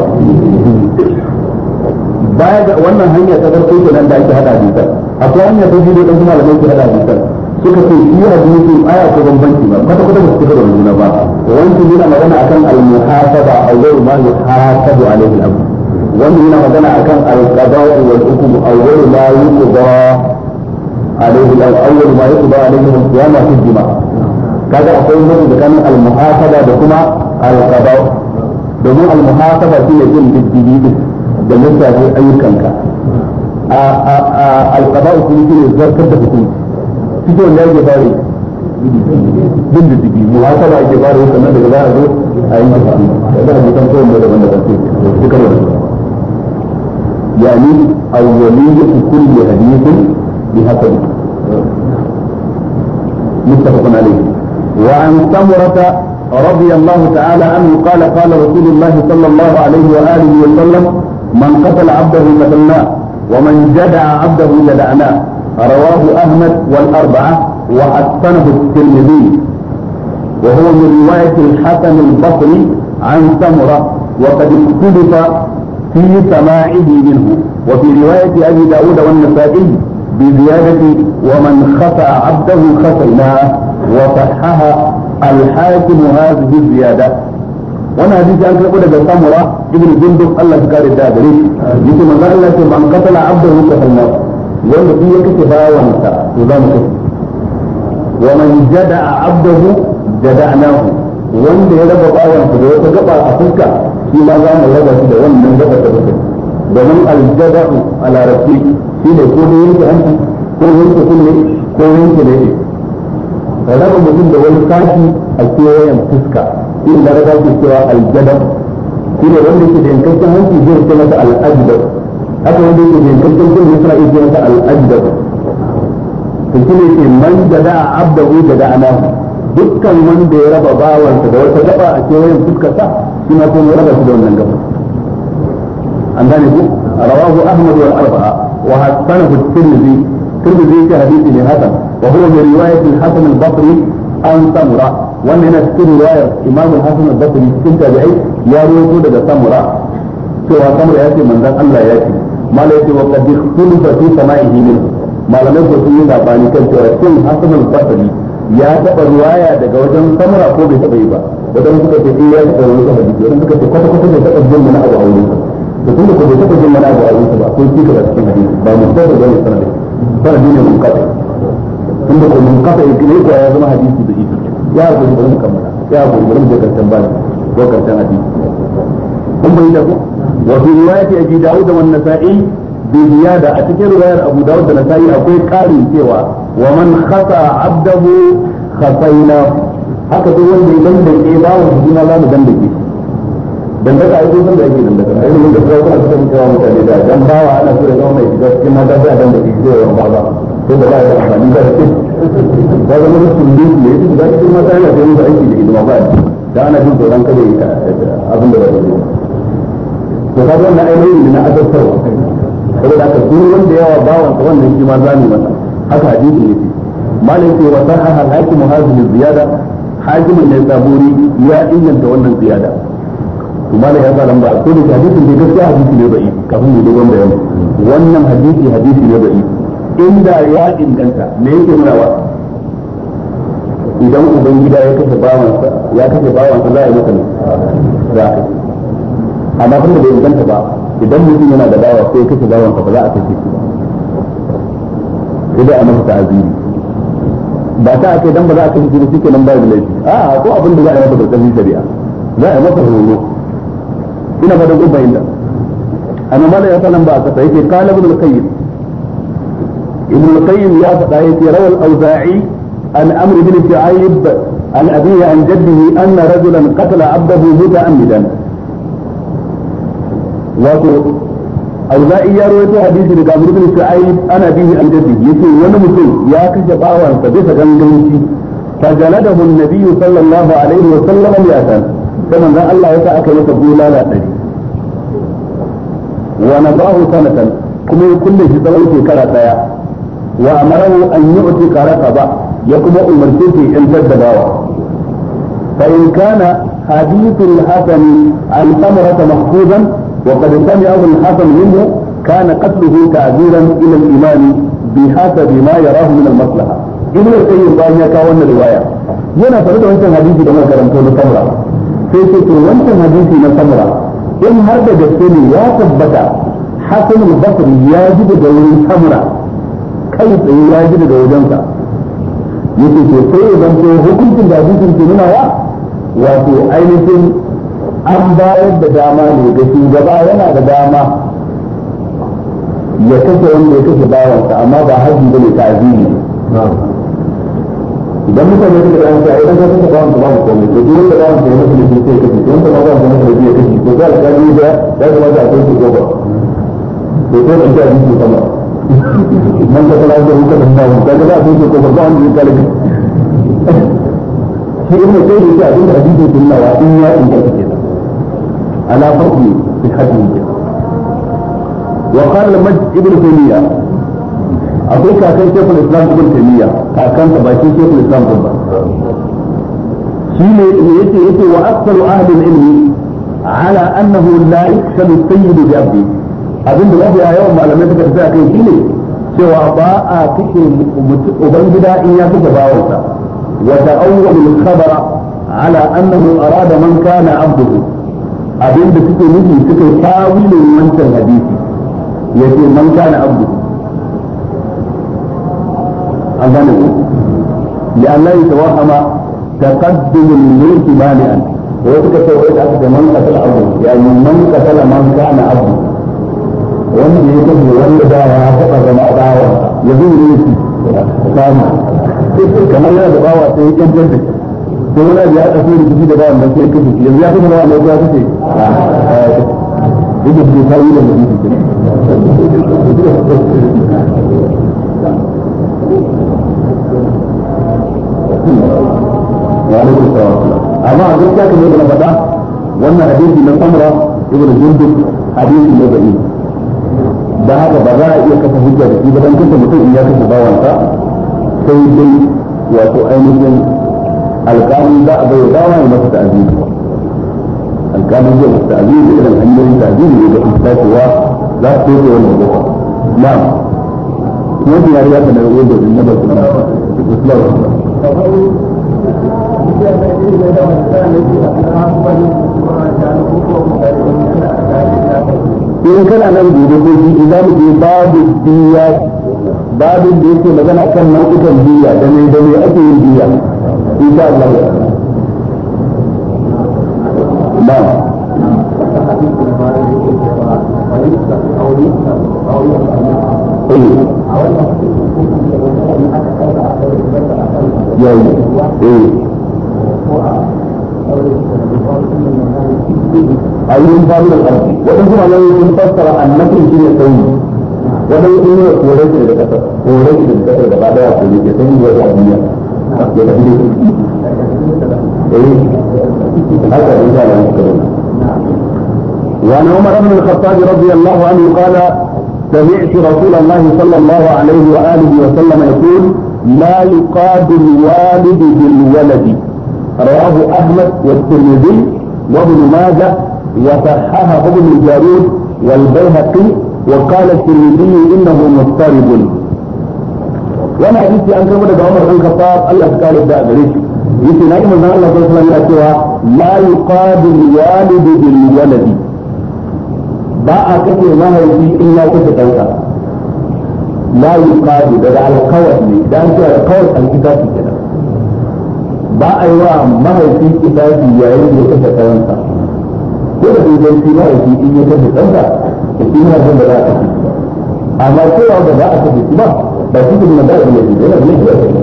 baya ga wannan hanya ta farko kenan da ake hada hadisan akwai hanya ta biyu da kuma malamai ke hada hadisan suka ce shi hadisi aya ko bambanci ba kwata kwata ba su fito da juna ba wancan yana magana akan al-muhasaba a yau ma hasabu alaihi al-amr wannan yana magana akan al wal hukm awwal ma yuqda alayhi al awwal ma yuqda alayhi al-qiyama fi jima kaga akwai mutum da kan al-muhasaba da kuma al-qada'u domin al-muhasaba shine jin diddigi da lissafi ayyukanka alƙaba'u kuma shi ne zartar da hukunci cikin wanda yake fare bin da jiki muhasaba ake fara yau sannan daga za a zo a yi kasa da za a daban-daban sai duka da يعني أولية كل حديث بحسبه متفق عليه وعن سمرة رضي الله تعالى عنه قال قال رسول الله صلى الله عليه وآله وسلم من قتل عبده قتلناه ومن جدع عبده جدعناه رواه أحمد والأربعة وحسنه الترمذي وهو من رواية الحسن البصري عن سمرة وقد اختلف في سماعه منه وفي رواية أبي داود والنسائي بزيادة ومن خفى عبده خفيناه وصحها الحاكم هذه الزيادة وانا حديث أنك قد سمرة ابن جندب الله كار الدابري يقول من قال لك من قتل عبده خفيناه wanda duk ya kace bawansa to za mu kace wa man jada'a abdahu jada'nahu wanda ya raba bawansa da wata gaba a fuska shi ma za mu raba shi da wannan gaba da bakin domin aljaba'u a larabci shi ne ko da yanke hanci ko yanke kunne ko yanke da yake raba mutum da wani sashi a kewayen fuska shi ne laraba ke cewa aljaba'u shi ne wanda yake da yankakken hanci zai ce masa al'ajdab haka wanda yake da yankakken kunne suna iya ce masa al'ajdab to shi ne ke man jada'a abdahu jada'anahu dukkan wanda ya raba bawansa da wata gaba a kewayen fuskarsa shi ma kuma raba shi da wannan gaba an gane ku rawahu ahmad wal arba'a wa hasanahu at-tirmidhi tirmidhi ya hadisi ne hasan wa huwa bi riwayat al-hasan al-basri an samura wannan yana cikin riwayar imam al-hasan al-basri cikin tabi'ai ya rawaito daga samura cewa samura ya ce manzon Allah ya ce mala yace wa qad ikhtalafa fi sama'ihi min malamai ko sun yi labari kan cewa shin hasan al-basri ya taba riwaya daga wajen samura ko bai taba yi ba wadan suka ce sai ya tsaya wasu hadisi wadan suka ce kwata kwata bai taɓa jin mana abu a wurin da tun da ko taɓa jin mana abu a wurin ba akwai cika da cikin hadisi ba mu taɓa da wani sanadi sanadi ne mun kafa tun da ko mun kafa ya kire ya zama hadisi da ita ya ko bari mu kammala ya ko bari mu je karshen bani ko karshen hadisi kun bai da ko wa riwayati abi daud wa an-nasa'i bi ziyada a cikin riwayar abu daud da nasa'i akwai karin cewa wa man khata abdahu khasainahu haka duk wanda ya dandake bawa juna za mu dandake dandaka ai kun san da yake dandaka ai mun da kawo kana cikin kawo mutane da dan bawa ana so da mai shiga cikin mata sai a dandake shi da ba ba to da ba ya da shi ba ne duk da cikin mata yana da aiki da ba da ana jin tsoron kada ya abin da ba zai to ka wannan ainihin ne na azabtarwa saboda haka duk wanda yawa bawan sa wannan shi ma zamu masa haka hadisin ne malai ce wa sahaha al-hakim ziyada hakimin da saburi ya inganta wannan ziyada kuma da ya tsaron ba ko da hadisin da gaskiya hadisi ne bai kafin mu dogon bayani wannan hadisi hadisi ne bai inda ya inganta me yake nuna wa idan ubangida ya kashe bawansa ya kashe bawansa za a yi masa ne za a amma kuma bai inganta ba idan mutum yana da dawa sai ya kashe bawansa ba za a kashe shi ba sai dai a masa ta'aziri ba ta ake dan ba za a kashe shi shike nan babu laifi a ko abin da za a yi masa barkan shari'a za a yi masa horo ina ba da kun bayyana amma mala ya sanan ba ka yake qala ibn al-qayyim ibn al-qayyim ya faɗa yake rawal auza'i an amr ibn shu'aib an abihi an jaddihi anna rajulan qatala abdahu muta'ammidan wato auza'i ya rawaito hadisi daga da Bakar Sa'id ana bihi an ya yace wani mutum ya kashe bawansa bisa ganganci fajaladahu an-nabiy sallallahu alaihi wa sallam mi'atan da manzon Allah ya aka masa bulala dari wa nabahu sanatan kuma ya kulle shi tsawon shekara daya wa amarahu an yu'ti ba, ya kuma umarce shi in daddabawa fa in kana hadithul hasan an samara mahfuzan وقد سمعه الحسن منه كان قتله تعذيرا الى الامام بحسب ما يراه من المصلحه ابن القيم باين ya kawo wannan riwaya yana faru da wancan hadisi da muka karanto na samra sai sai to wancan hadisi na samra in har da gaske ne ya tabbata hasan al-basri ya ji daga wurin samra kai tsaye ya ji daga wajensa yake ce sai zan hukuncin da hadisin ke nuna wa wato ainihin an bayar da dama ne ga shugaba yana da dama ya kashe wanda ya kashe bawansa amma ba haji ba ne ta'azimi idan mutane suka da yansa idan ka kashe bawansa ba mu komai to duk da bawansa ya mutu ne sai kashe to wanda ma bawansa ya ne ya kashe to za a da ya kuma a kai su gaba to sai da ta jiki sama man ka kala da wuka da nawo ka ga za a kai su ba wanda ya sai in mutum abin da hadisi sunna wa in ya inganta على فضل صحته وقال المجد ابن تيمية akwai kakan shekul islam ibn taymiya kakan ta bakin shekul islam ibn shi ne yace yace wa aktsaru ahli ilmi ala annahu la yaktabu sayyid bi abdi abinda mafi a yawan malamai suka tafi akai shine cewa ba a kashe ubangida in ya kuka bawansa wa ta'awwal al-khabara ala annahu arada man abduhu abin da suke nufi suka yi tawilin wancan hadisi ya ce man kana abdu an gane ku da Allah ya tawahama taqaddumul mulki mani'an wai suka ce wai da aka man kasala abu. ya yi man kasala man kana abdu wanda ya kace wanda da ya taba zama bawa ya zo ne shi kamar yana da bawa sai ya kyantar da shi sai wani abu ya ɗauko da kuɗi da ba wannan sai kashe yanzu ya da ba wannan ya ta yi da mutum amma a gaskiya kamar yadda na faɗa wannan hadisi na samura ibn jundub hadisi na da haka ba za a iya kafa hujja da shi ba dan kanta mutum in ya kashe bawansa sai dai wato ainihin alƙalin za a bai bawa ya masa ta'aziri alƙalin zai masa ta'aziri da irin hanyoyin ta'aziri da kuma dacewa za su yi gaba na wani ya riga ta da ruwan da na ba su na in kana nan gobe ko je babu babin da yake magana kan nau'ukan biya da mai da mai ake yin biya tidak ya. Baik. Ya. Eh. Ayo kan? kita lihat. Ya. Ayo kita lihat. Ya. Ayo kita lihat. Ya. Ayo kita lihat. Ya. Ayo kita lihat. Ya. Ayo kita lihat. Ya. Ayo kita lihat. Ya. Ayo kita lihat. Ya. Ayo kita lihat. Ya. Ayo kita lihat. Ya. Ayo kita lihat. Ya. Ayo kita lihat. Ya. kita lihat. Ya. kita lihat. Ya. kita lihat. Ya. kita lihat. Ya. kita lihat. Ya. kita lihat. Ya. kita lihat. Ya. kita lihat. Ya. kita lihat. Ya. kita lihat. Ya. kita lihat. Ya. kita lihat. Ya. kita lihat. Ya. kita lihat. Ya. kita lihat. Ya. kita lihat. Ya. kita lihat. Ya. kita lihat. Ya. kita إيه؟ وعن عمر بن الخطاب رضي الله عنه قال سمعت رسول الله صلى الله عليه واله وسلم يقول لا يقاد الوالد بالولد رواه احمد والترمذي وابن ماجه وصححه ابن الجارود والبيهقي وقال الترمذي انه مضطرب wani hadisi an karɓo daga Umar bin Khattab Allah ya kare da gare shi yace na imam Allah sallallahu alaihi wasallam ya cewa la yuqadu walidu bil waladi ba a kace mahaifi in ya kace danka la yuqadu daga alqawat ne dan cewa alqawat an kita shi kenan ba a yi wa mahaifi kitabi yayin da ya kace danka ko da dai shi mahaifi in ya kace danka shi ne da za a kace amma cewa ba za a kace ba ba shi ne da ba ne yana da yake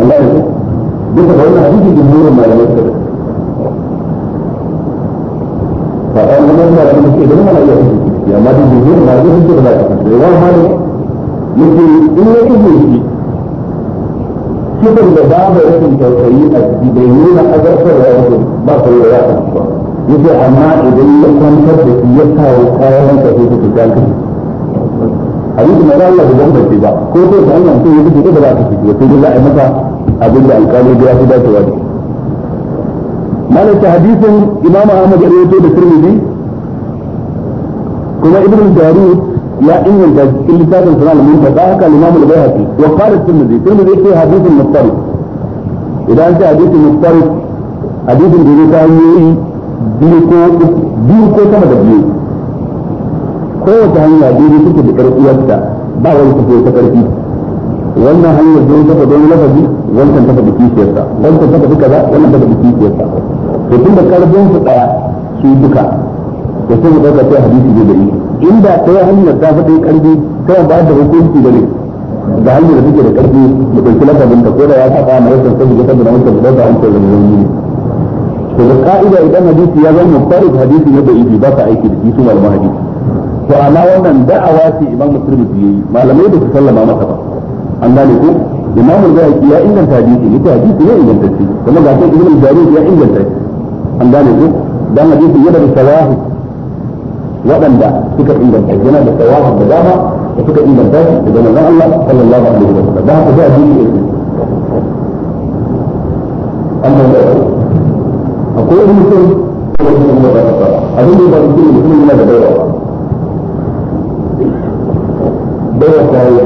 Allah ya duka da wannan hadisi da nuna malamai suka da ba ta nuna malamai da mana iya hadisi da na zai da ka da yawan malam yake in ya kaje shi kitan da babu rashin tausayi a ciki bai nuna azarfarwa yake ba ta yi ya ta yake amma idan ya kwantar da shi ya kawo kayan ka ta hadisi na Allah da ban bace ba ko ko ta hanyar sai yake da ba ka fito sai dai za a maka abin da alƙali da ya fi dacewa da malaka hadisin imamu Ahmad ya rawaito da Tirmidhi kuma Ibn Jarud ya inganta cikin littafin sunan al-Muntaqa haka da imam al-Baihaqi wa qala Tirmidhi Tirmidhi yake hadisin mustarid idan ta hadisin mustarid hadisin da ya kawo biyu ko biyu ko sama da biyu kowace hanya daidai suke da yadda ba wani tafiya ta ƙarfi wannan hanyar zai tafa don lafazi wancan tafa da kishiyarsa wancan tafa duka za wannan tafa da kishiyarsa to tun da ƙarfin su ɗaya su duka da sun mu ɗauka sai hadisi zai da yi inda ta yi hanyar ta faɗi ɗaya ta sai ba da hukunci da ne da hanyar da suke da ƙarfi da ɗauki lafazin ta ko da ya saba na rashin sabu ya sabu na wancan da ɗauka ta da mai ne to da ka'ida idan hadisi ya zama farid hadisi ne da yi ba ka aiki da kisu su hadisi to amma wannan da'awa ce imam turmudi yayi malamai da su sallama masa ba an gane ko imam al-bayhaqi ya inganta hadisi ne ko hadisi ne inganta shi kuma ga sai ibn jarir ya inganta shi an gane ko dan hadisi yana da sawahi waɗanda suka inganta yana da sawahi da dama da suka inganta shi daga manzon Allah sallallahu alaihi wa sallam da haka sai hadisi ne amma akwai wani mutum abin da ba su mutum yana da daurawa baiwa tarayya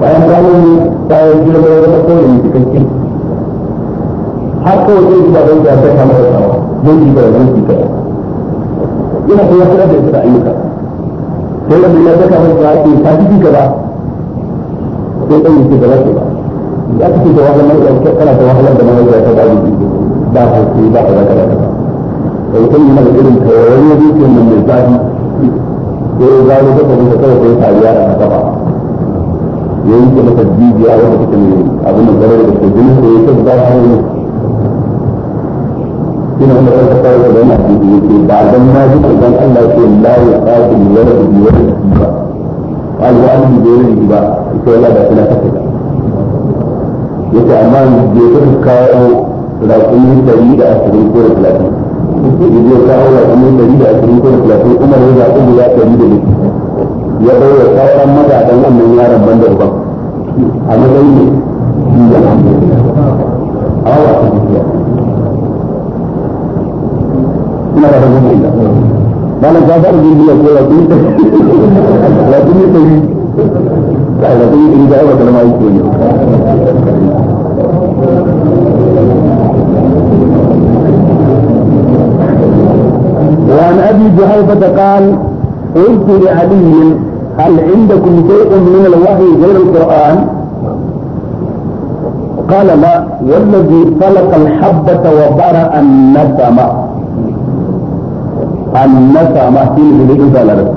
bayan kwanan ne bayan girma cikakke har zuba don ya tsawa yi bara zai kika ina kuma sanar da ita ayyuka sai da tsawa ke ta fi gaba sai ɗan yake gaba ke ba ya kace da mai kana da da mai ta ba ni ba ta ba ba ta ba ta ba ta ba ta ba ta ba ta ta ba ta ta ta ta ta ta ba ba ba ba ta sai ya zaro da kan da kawai sai tariya da kafa ya yi ke masa jijiya wanda take ne abin da zarar da ke jini sai ya ce ba shi ne ina wanda kan ta kawai da yana jiji ya ba dan na ji idan Allah ya ce la ya qatil wala bi wala ba Allah an bi dole ne ba sai Allah da kana kafa yace amma bai kawo raƙumi 120 ko 30 idan ya kawo da kuma dari da ashirin ko da umar ya zaɓi guda ɗari da ne ya bai wa sauran mazaɗan wannan yaron ban da uban a matsayin ne shi da nan awa ta tafiya ina da rabin inda malam ka fara jin biya ko lafi lafi ne ta yi ka lafi ne ta yi da aiwata na ma'aiki ne وعن ابي جهيفة قال قلت لعلي هل عندكم شيء من الوحي غير القران؟ قال لا والذي خلق الحبة وبرأ النسمة النسمة فيه لإزالة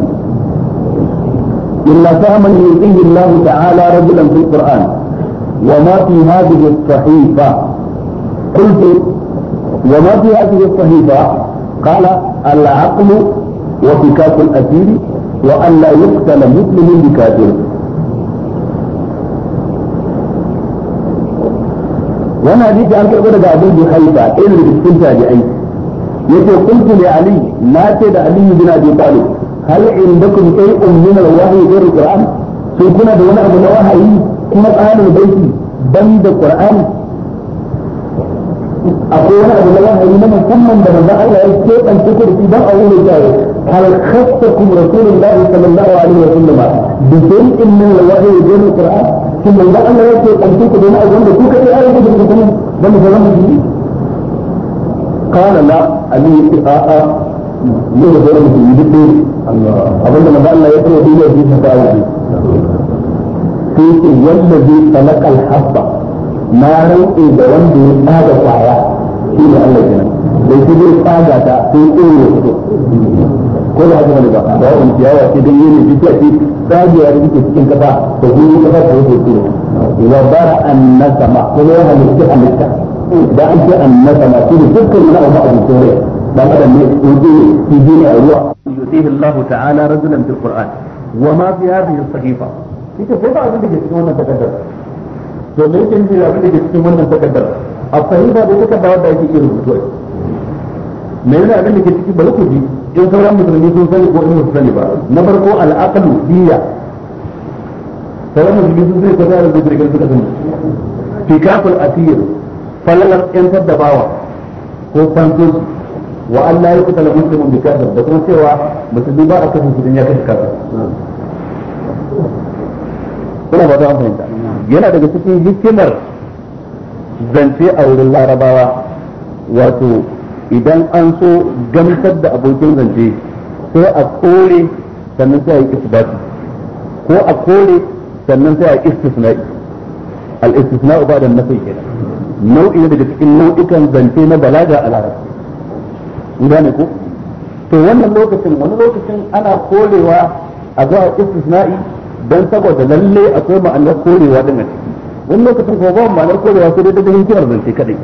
إلا فهما يؤتيه الله تعالى رجلا في القرآن وما في هذه الصحيفة قلت وما في هذه الصحيفة قال العقل وفكاك الأسير وأن لا يقتل مسلم بكافر وانا حديث عن كربلاء daga Abu Hanifa irin da cikin tabi'ai yace kuntu li Ali na ce da Ali bin Abi Talib hal indakum shay'un min al-wahyi ghayr al-Qur'an sun kuna da wani abu na wahayi kuma tsarin baiti da Qur'ani أقول أبو الله إنما ثمن بن الله إلا يستيق أن تكون في بقى أول الجاية هل خصكم رسول الله صلى الله عليه وسلم بجمع من الوحي وجمع القرآن ثم إذا أن لا يستيق أن تكون بناء الجنة تلك في آية جمع القرآن بل جمع القرآن قال لا علي اتقاء من الظلم في يدك الله أظن ما بأن لا يكون في يدك في سؤاله في والذي خلق الحبه na rantse da wanda ya tsaga kwaya shi ne Allah kenan da shi zai tsaga ta sai tsoro ya fito ko da haka ne ba ba wani ciyawa ce don yin ce tsagewa da take cikin kasa da gudu kafa ta wuce tsoro wa bara annaka ma ko ya halitta halitta da an ce annaka ma shi ne dukkan wani abu a cikin rai dan adam ne tsoro ne shi ne a ruwa Allah ta'ala rajulan bil Qur'an wa ma fi hadhihi as-sahifa ita sai ba abin da ke cikin wannan takaddar to me yake nufi da abin da cikin wannan takardar a fahimta da takarda wadda ake iya rubutu me yana abin da ke ciki bari ku ji in sauran musulmi sun sani ko in musu sani ba na farko al'aqlu diya sauran musulmi sun sani ko da rubutu da suka sani fikaful asir falalar yantar da bawa ko fantos wa Allah ya kuta da muslimun bi kafir da kuma cewa musulmi ba a kasance idan ya kashe kafir kuma ba an fahimta yana daga cikin hikimar zance a wurin larabawa wato idan an so gamsar da abokin zance sai a kore sannan sai a yi isbati ko a kore sannan sai a yi istisna'i al-istisna'u ba da nafi kenan nau'i daga cikin nau'ikan zance na balaga a larabawa. gane ko to wannan lokacin wani lokacin ana korewa a zuwa istisna'i don saboda lalle akwai ma'anar korewa din a ciki wani lokacin kuma ba ma'anar korewa sai dai da hikimar zance kadai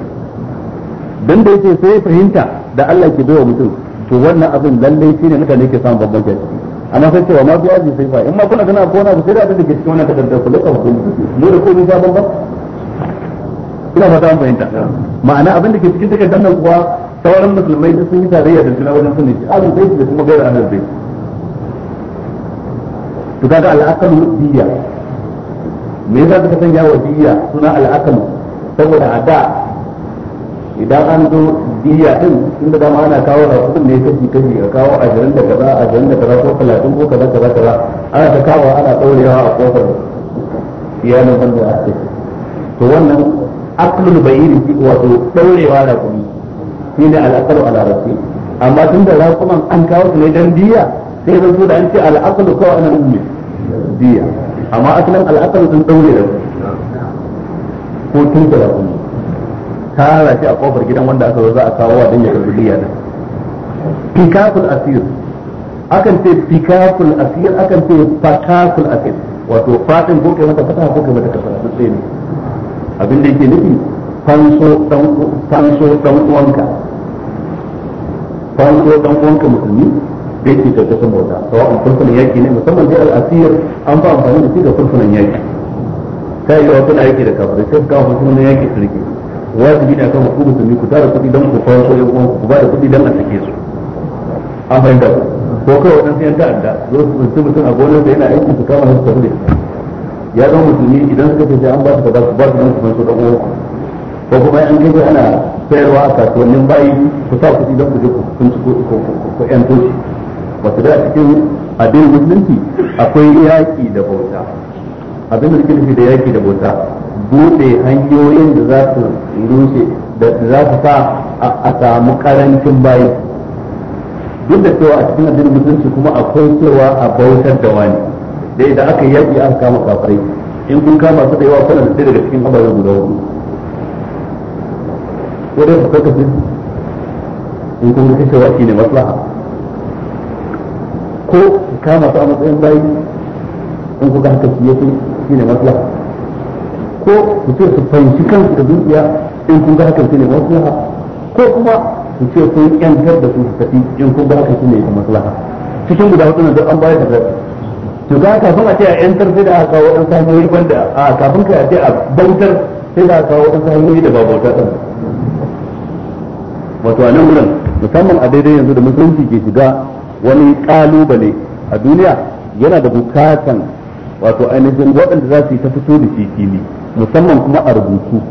dan da yake sai fahimta da Allah ke bayar mutum to wannan abin lalle ne mutane ke samun babban jami'i amma sai cewa ma bi aji sai fa in ma kuna gana ko na ku sai da abin da ke cikin wannan takardar ku lokacin ku mu da komai sabon ba ina fata mun fahimta ma'ana abin da ke cikin takardar nan kuwa sauran musulmai sun yi tarayya da juna wajen sunni a bayt da kuma gairar alul bayt to kaga al'akalu diya me yasa suka sanya wa diya suna al'akalu saboda a da idan an zo diya din inda dama ana kawo rahoton ne kashi kashi a kawo ashirin da kaza ashirin da kaza ko talatin ko kaza kaza kaza ana ta kawo ana ɗaurewa a kofar iyalin wanda a ce to wannan bai yi bayiri wato ɗaurewa da kuma shine al'akalu a larabci amma tun da rakuman an kawo su ne dan diya sai zan da an ce al'aqlu kawai ana ummi diya amma asalin al'aqlu sun daure da ko tun da Ta tara shi a kofar gidan wanda aka zo za a kawo wa dan ya karbi diya din fikakul asir akan ce fikakul asir akan ce fakakul asir wato fatin ko kai mata fata ko kai mata kasara su ne abin da yake nufi fanso dan fanso dan uwanka fanso dan uwanka musulmi da yake karkashin bauta sawa'un fursunan yaki ne musamman dai al'asir an ba amfani da shi ga yaki kai yi kuna da kafirai sai kawo fursunan yaki su wajibi ne kan hukumar musulmi ku tara kuɗi don ku fara koyon kuma ku ba da kuɗi don a sake su an fahimta ku ko kawai wadansu yan ta'adda zo su mutum a gonar da yana aiki su kama su tafi ya zama musulmi idan suka ce an ba su ba su ba su don su ko kuma an kai ana sayarwa a kasuwannin bayi ku sa kuɗi don ku je ku ku ku wato da cikin addinin musulunci akwai yaki da bauta abin da suke da yaki da bauta bude hanyoyin da za su rushe da za su sa a samu karancin bayi duk da cewa a cikin addinin musulunci kuma akwai cewa a bautar da wani da idan aka yaki aka kama kafirai in kun kama su da yawa kuna da daga cikin abarin guda hudu ko dai ku kaka in kun kashe wa shine maslaha ko kama su a matsayin bayi in kuka haka shi yake shi ne maslaha ko su ce su fahimci kansu da dukiya in kuka ga haka shi ne maslaha ko kuma su ce sun yantar da su su tafi in kuka ga haka shi ne maslaha cikin guda hudu da an bayar da zai to ga kafin a ce a yantar sai da aka kawo ɗan hanyoyi banda a kafin ka a ce a bautar sai da aka kawo ɗan hanyoyi da ba bauta ɗin wato a nan wurin musamman a daidai yanzu da musulunci ke shiga wani kalubale a duniya yana da bukatan wato ainihin waɗanda za su yi ta fito da shi fili musamman kuma a rubutu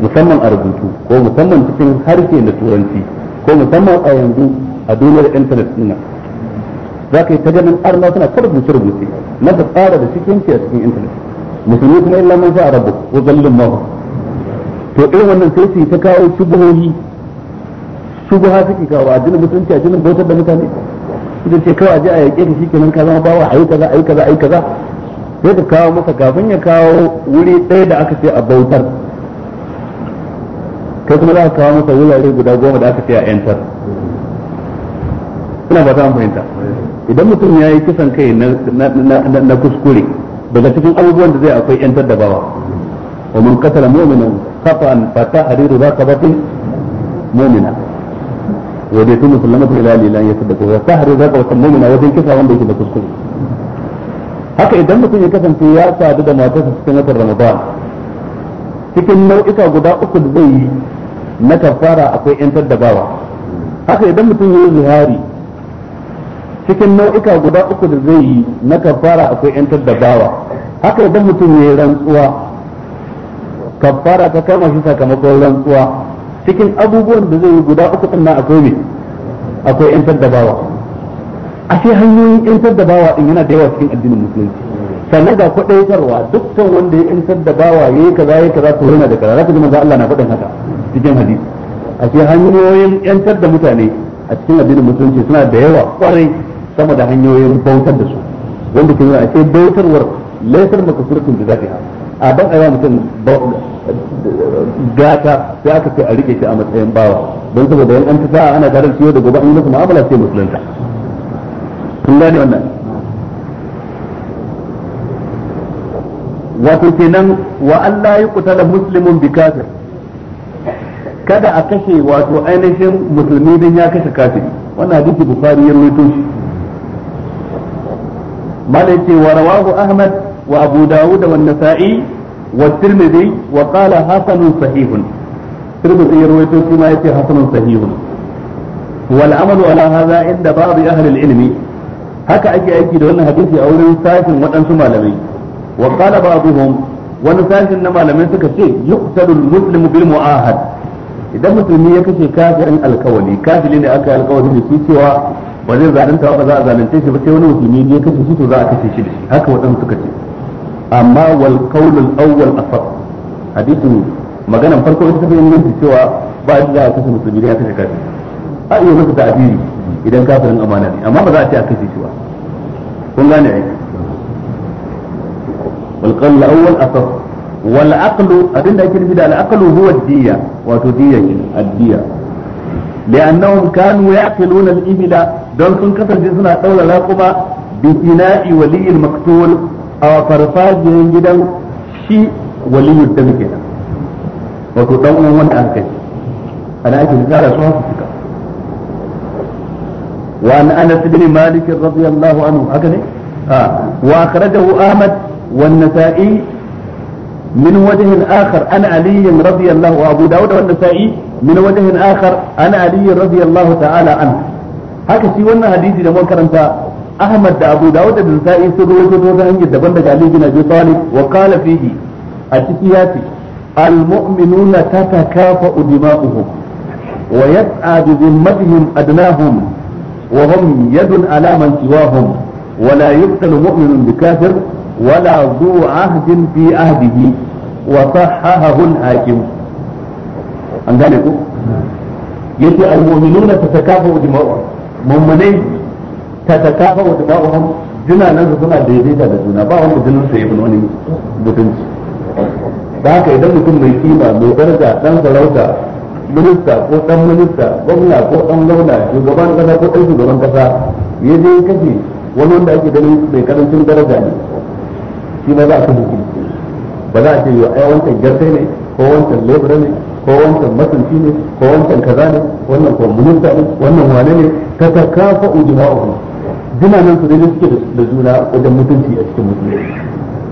musamman a rubutu ko musamman cikin harshe da turanci ko musamman a yanzu a duniyar intanet ɗin za ka yi ta ganin arna suna ta rubuce rubuce na ta tsara da cikin a cikin intanet musulmi kuma illa man sha a rabu ko zallin mahu to irin wannan sai su yi ta kawo shubuhohi shubha suke kawo addinin musulunci addinin bautar da mutane idan ce kawai aje a yake ka shikenan ka zama bawa ayi kaza ayi kaza ayi kaza sai ka kawo masa kafin ya kawo wuri ɗaya da aka ce a bautar kai kuma za ka kawo masa wurare guda goma da aka ce a yantar ina ba ta fahimta idan mutum ya yi kisan kai na kuskure daga cikin abubuwan da zai akwai yantar da bawa wa man qatala mu'minan khata'an fa ta'riru raqabatin mu'mina wa dai tun musulmatu ila lilan ya sadaka wa sahru zaka wa tammuna wajen kisa wanda yake da kuskure haka idan mutum ya kasance ya sadu da matarsa cikin watan ramadan cikin nau'ika guda uku da zai yi na kafara akwai yan da bawa haka idan mutum ya yi zuhari cikin nau'ika guda uku da zai yi na kafara akwai yan da bawa haka idan mutum ya yi rantsuwa kafara ta kama shi sakamakon rantsuwa cikin abubuwan da zai yi guda uku din na akwai ne akwai yantar da bawa ashe hanyoyin yantar da bawa din yana da yawa cikin addinin musulunci sannan ga kwadaitarwa dukkan wanda ya yantar da bawa yayi kaza yayi kaza to yana da kaza zaka ji manzo Allah na faɗin haka cikin hadisi ashe hanyoyin yantar da mutane a cikin addinin musulunci suna da yawa kwarai sama da hanyoyin bautar da su wanda ke nuna ashe bautarwar laysar makasuratun bi zatiha a ban aiwa mutum gata sai aka kai a rike shi a matsayin bawa don saboda yan an ta ana tare da da gobe an yi musu mu'amala sai musulunta kun gane wannan wato kenan wa Allah ya kutala muslimun bi kafir kada a kashe wato ainihin musulmi don ya kashe kafiri wannan hadisi bukhari ya rawaito shi malai ce wa rawahu ahmad wa abu dawud wa nasa'i والترمذي وقال حسن صحيح الترمذي رويته فيما يأتي حسن صحيح والعمل على هذا عند بعض أهل العلم haka ake aiki da wannan hadisi a wurin sashin waɗansu malamai wa qala ba'dhum wani sashin na malamai suka ce yuqtalu al-muslimu mu'ahad idan musulmi ya kashe kafirin alkawali kafiri ne aka alkawali da shi cewa ba zai zalunta ba za a zalunce shi ba sai wani musulmi ya kashe shi to za a kashe shi da shi haka waɗansu suka ce amma wal qawlul awwal asab hadisin maganan farko ita tafi yin cewa ba da za a kashe musulmi ne a kashe kafiri a iya masa ta'abiri idan kafirin amana ne amma ba za a ce a kashe shi ba kun gane ai wal qawlul awwal asab wal aqlu abinda ake nufi da al aqlu huwa diya wato diya ne addiya لأنهم كانوا يعقلون الإبل دون كن كسر جنسنا أولى لاقما بإناء ولي المقتول a farfajiyar gidan shi waliyu da muke nan wato dan uwan wanda aka kai ana ake tsara su haka suka wa an anas bin malik radiyallahu anhu haka ne wa akhrajahu ahmad wan nasa'i من وجه آخر أنا علي رضي الله وأبو داود والنسائي من وجه akhar أنا علي رضي الله تعالى haka shi wannan hadisi da mun karanta Ahmad da Abu Dawud da Nasa'i sun rawaito ta wata hanyar daban daga Ali bin Abi Talib wa qala a ciki ya ce al-mu'minuna tatakafa'u dima'uhum wa yas'a bi dhimmatihim adnahum wa hum yadun ala man siwahum wa la yuqtalu mu'minun bi kafir wa la an gane ku ta ta kafa wa tafa'uhum nan su suna daidaita da juna ba wanda jinin sa yafi wani mutunci da haka idan mutum mai kima mai daraja dan sarauta minista ko dan minista gwamna ko dan gwamna shugaban kasa ko ɗan shugaban kasa ya je kashe wani wanda ake ganin mai karancin daraja ne shi ma za a kashe ba za a ce yau ai wancan gartai ne ko wancan lebura ne ko wancan masunci ne ko wancan kaza ne wannan ko minista ne wannan wane ne ka takafa ujma'uhum nan su daidai suke da juna wajen mutunci a cikin musulunci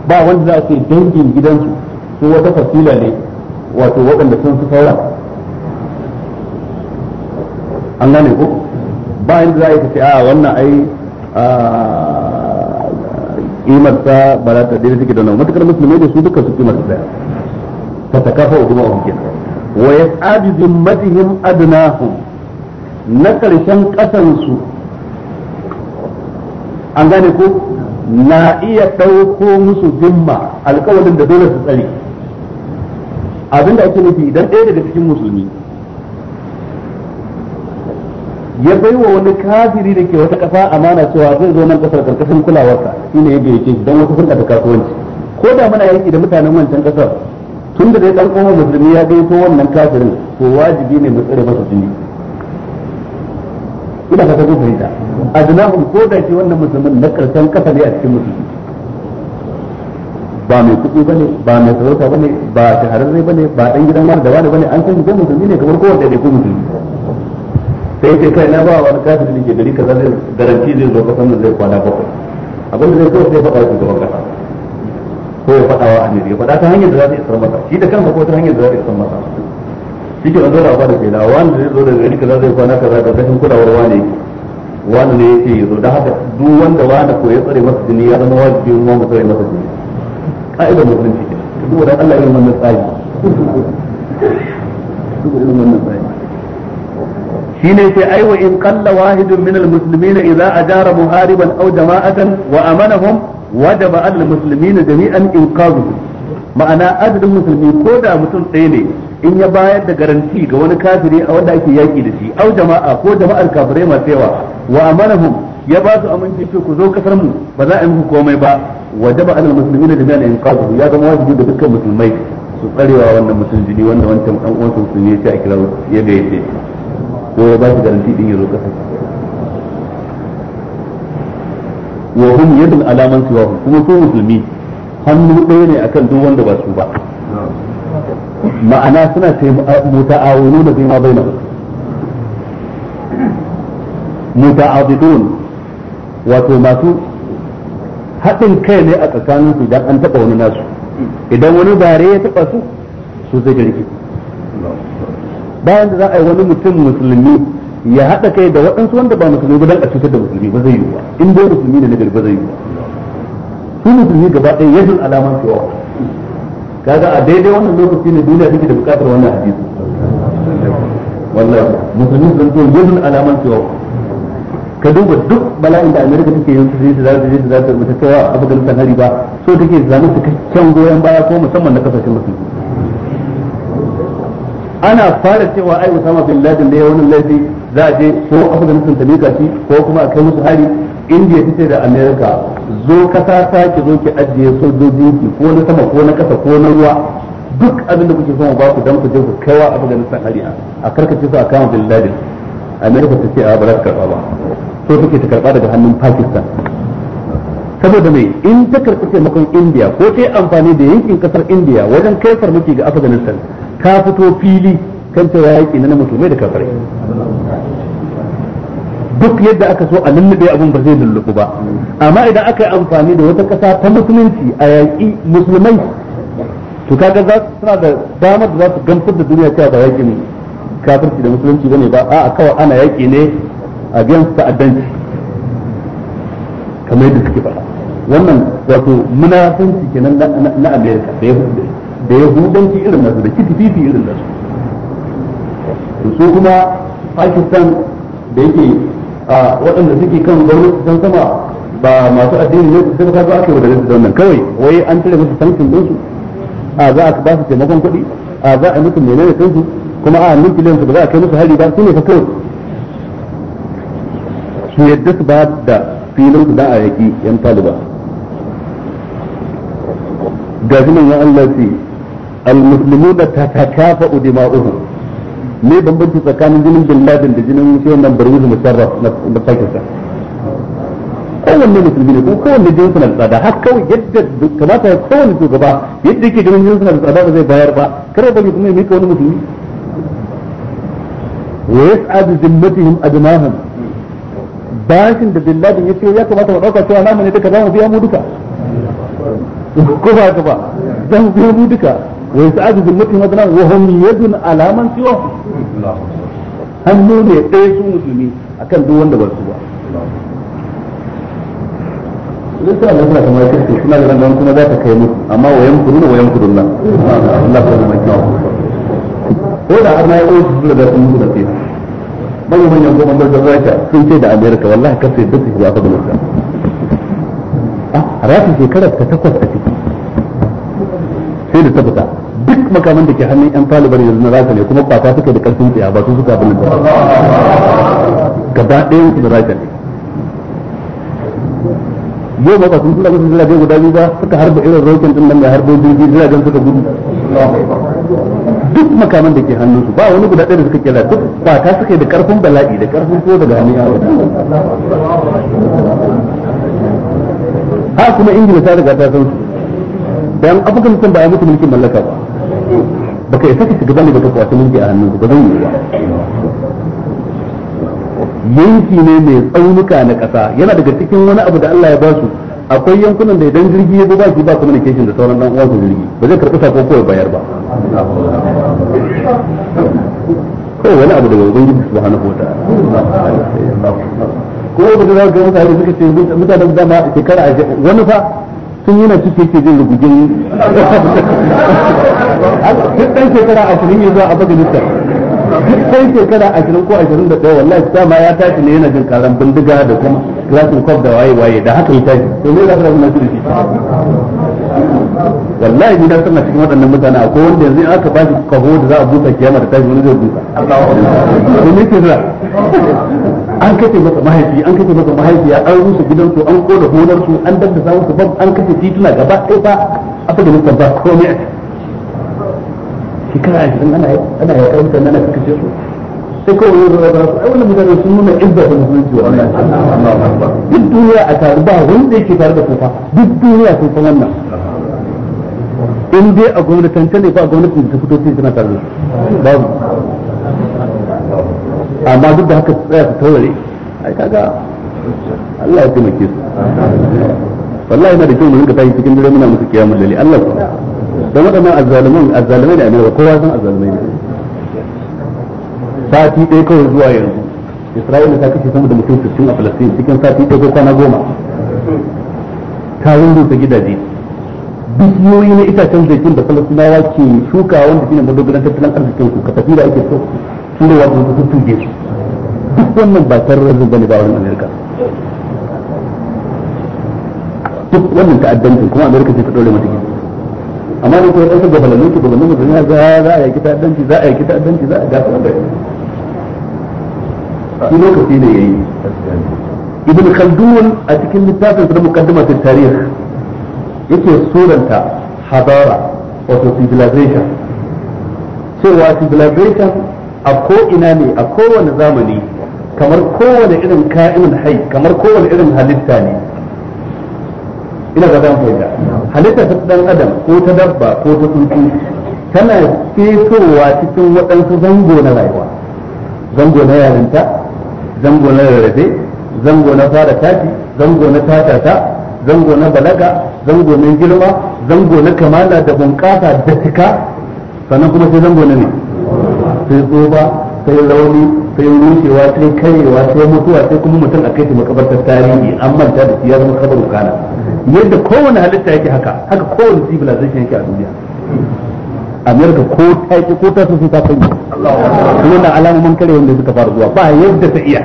ba wanda za a ce dangin gidansu su wata fasila ne wato waɗanda sun su saura an gane ko ba inda za a yi ta ce a ah, wannan ai kimarsa ah, ba za ta daidai take da nan matakar musulmi da su duka su kimar daya ta takafa huduma wa wa wa yas'adu zimmatihim adnahum na ƙarshen ƙasansu an gane ko na iya ɗauko musu jimma alƙawarin da dole su tsare abinda ake nufi idan ɗaya daga cikin musulmi ya bai wa wani kafiri da ke wata ƙasa amana cewa zai zo nan ƙasar karkashin kulawarsa ne ya gayyace shi don wata hulɗa ta kasuwanci ko da muna yaki da mutanen wancan ƙasar tun da dai ɗan ƙofar musulmi ya gaito wannan kafirin to wajibi ne mu tsare masa jini ina fata kun fahimta adnahum ko da shi wannan musulmin na karshen kasa ne a cikin musulmi ba mai kuɗi bane ba mai sarauta bane ba shahararre bane ba dan gidan wani da wani bane an san shi musulmi ne kamar kowanne da ko musulmi sai ce kai na ba wani kafin da ke gari kaza zai garanti zai zo kasan da zai kwana bakwai abin da zai so sai faɗa shi gaban kasa ko ya faɗa wa amiri ya faɗa ta hanyar da za ta isar masa shi da kansa ko ta hanyar da za ta isar masa cikin a zaura ba da kaina wanda zai zo da gari kaza zai kwana kaza da kashin kulawar wane ne yake ya zo da haka duk wanda ko ya tsare masa jini ya zama wajibi mu mu tsare masa jini ka'ida musulunci ke duk wanda Allah irin wannan tsari duk irin wannan tsari shine sai ai wa in qalla wahidun min almuslimina idza ajara muhariban aw jama'atan wa amanahum wajaba al muslimina jami'an inqadhuhu ma'ana adadin musulmi ko da mutum ɗaya ne in ya bayar da garanti ga wani kafiri a wanda ake yaki da shi au jama'a ko jama'ar kafirai masu yawa wa amanahum ya ba su aminci ce ku zo kasar mu ba za a yi muku komai ba wajaba alal muslimina jami'an in qabu ya zama wajibi da dukkan musulmai su tsarewa wannan mutum wanda wancan dan uwansa musulmi ya ce a kira ya ga yace ko ya ba su garanti din ya zo kasar wa hum yadul alaman siwahum kuma su musulmi hannu ɗaya ne akan duk wanda ba su ba ma'ana suna muta'awunu da fima bai nan muta'abidun wato masu haɗin kai ne a tsakanin su idan an taɓa wani nasu idan wani bare ya taɓa su su zai jirgi bayan da za a yi wani mutum musulmi ya haɗa kai da waɗansu wanda ba musulmi ba don a cutar da musulmi ba zai yi ba in dai musulmi ne na gari ba zai yi. su musulmi gaba ɗaya yajin alamar cewa kaga a daidai wannan lokaci ne duniya take da bukatar wannan hadisi wallahi musulmi sun to yajin alamar cewa ka duba duk bala'in da Amerika take yin su da za su za su mutu kai a Afghanistan hari ba so take zama cikakken goyon baya ko musamman na kasashen musulmi ana fara cewa ai Usama bin Laden da ya wani laifi za a je ko afganistan ta mika shi ko kuma a kai musu hari indiya ta ce da america zo kasa ta ki zo ki ajiye sojojin ki ko na sama ko na kasa ko na ruwa duk abin da kuke son ba ku dan ku je ku kaiwa afganistan hari a karkace su a kama bin ladin america ta ce a ba karba ba so take ta karba daga hannun pakistan saboda mai in ta karɓi taimakon indiya ko ta amfani da yankin kasar indiya wajen kai farmaki ga afganistan ka fito fili kan cewa yaƙi na musulmai da kafirai duk yadda aka so a lullube abun ba zai lullubu ba amma idan aka yi amfani da wata ƙasa ta musulunci a yaƙi musulmai to kaga za su suna da damar da za su gamsar da duniya cewa ba yaƙi ne kafirci da musulunci bane ba a'a kawai ana yaƙi ne a biyan ta'addanci kamar yadda suke faɗa wannan wato munafanci kenan na Amerika da yahudanci irin nasu da kitififi irin nasu su kuma Pakistan da yake a waɗanda suke kan gwamnati can sama ba masu addini ne sai ka zo aka yi da wannan kawai wai an tare musu sanction din a za a ba su taimakon kuɗi a za a musu menene din su kuma a nan filan ba za a kai musu hari ba su ne fa kawai su yadda su ba da filin su da a yaki yan taliba ga nan ya Allah ce al-muslimuna da tatakafa'u dima'uhum me bambanci tsakanin jinin bin laden da jinin shi wannan barwuz musharraf na pakistan kowanne musulmi ne ko kowanne jinin suna da tsada har kawai yadda kamata ya kowanne shugaba yadda yake jinin jinin suna da tsada ba zai bayar ba kare bari kuma ya mika wani musulmi wa yas'adu zimmatihim adnahum bashin da bin laden ya ce ya kamata mu dauka cewa namu ne duka zamu biya mu duka ko ba ka ba zamu biya mu duka ويسعد بالمتن مثلا وهم يد على من سواه hannu ne ɗaya مسلمين musulmi akan duk سواه ba su ba lissa kamar kirki suna da kuma za ta kai musu amma wayan kudu na wayan kudu na Allah ta zama kyau ko da har na yi ɗaya da sun musu da fiye manyan manyan gwamnan da zaka sun ce da amerika wallahi su ah, a rafi shekarar ta takwas a ciki sai da ta fita duk makaman da ke hannun yan talibar yanzu na zaka ne kuma kwata suka da karfin tsaya ba su suka abin da gaba ɗayan su da zaka ne yau ba sun tura musu jiragen guda biyu ba suka harba irin rokin din nan da harba jirgi jiragen suka gudu duk makaman da ke hannun su ba wani guda ɗaya da suka kira duk kwata suka da karfin bala'i da karfin ko daga hannun yawon ha kuma ingila ta riga ta san su dan afganistan ba a mutu mulkin mallaka ba baka isa ka shiga bane baka kwace mulki a hannun ba zan yi yanki ne mai tsaunuka na kasa yana daga cikin wani abu da Allah ya ba su akwai yankunan da idan jirgi ya zo ba shi ba communication da sauran dan uwan jirgi ba zai karɓi sako ya bayar ba kawai wani abu daga ubangiji subhanahu wataala kuma ba za ga mutane suka ce mutanen dama shekara wani fa sun yana ciki yake jin rubugin duk ɗan shekara ashirin ya zuwa afganistan duk ɗan shekara ashirin ko ashirin da ɗaya wallahi dama ya tashi ne yana jin karan bindiga da kuma klasin kwab da waye waye da haka ya tashi to me za ka rabu na shi wallahi idan suna cikin waɗannan mutane akwai wanda yanzu in aka bashi kaho da za a busa kiyama da tashi wani zai busa to ne ke zira an kace masa mahaifi an kace masa mahaifi ya an rusa gidansu an koda gonarsu an danta daddasa su ban an kace tituna gaba ɗaya ba a afganistan ba komai a ciki kana ashirin ana ana yaƙar mutane ana kakashe su sai kawai yanzu da su ai wannan mutane sun nuna izza da musulunci wannan duk duniya a taru ba wanda yake tare da kufa duk duniya sun san wannan in dai a gwamnatance ne ko a gwamnatin ta fito sai suna tare da su amma duk da haka su tsaya su taurare ai kaga Allah ya taimake su wallahi yana da kyau mu rinka tashi cikin dare muna musu kiyamul lalle Allah ku dan wadannan azzaliman azzalimai ne a nan kowa san azzalimai ne sati ɗaya kawai zuwa yanzu Isra'ila ta kashe sama da mutum 60 a Palestine cikin sati ɗaya ko kwana goma ta ta gidaje bishiyoyi na itacen zaitun da falastinawa ke shuka wanda shine madogaran tattalin arzikin ku ka tafi da ake so shine wato su tuge su duk wannan ba terrorism bane ba wannan Amerika duk wannan ta'addancin kuma Amerika ce ta dole mata gidi amma ne kuma ɗansa lalutu su gabanin mutum ya za za a yaki ta'addanci za a yaki ta'addanci za a gafi wanda yi lokaci ne yayi ibn khaldun a cikin littafin sa muqaddimatu tarikh yake suranta hadara wato civilization cewa civilization a ko'ina ne a kowane zamani kamar kowane irin ka'imin hai kamar kowane irin halitta ne ina ga zan fahimta halitta ta dan adam ko ta dabba ko ta tsuntsu tana fitowa cikin waɗansu zango na rayuwa zango na yarinta zango na rarrafe zango na fara tashi zango na tatata zango na balaga zango na girma zango na kamala da bunƙasa da cika sannan kuma sai zango na ne sai tsoba sai rauni sai rushewa sai karewa sai mutuwa sai kuma mutum a kai makabartar tarihi an manta da shi ya zama kabaru kana yadda kowane halitta yake haka haka kowane civilization yake a duniya amerika ko ta ki ko ta sun ta sanya wannan alamomin karewa wanda suka fara zuwa ba yadda ta iya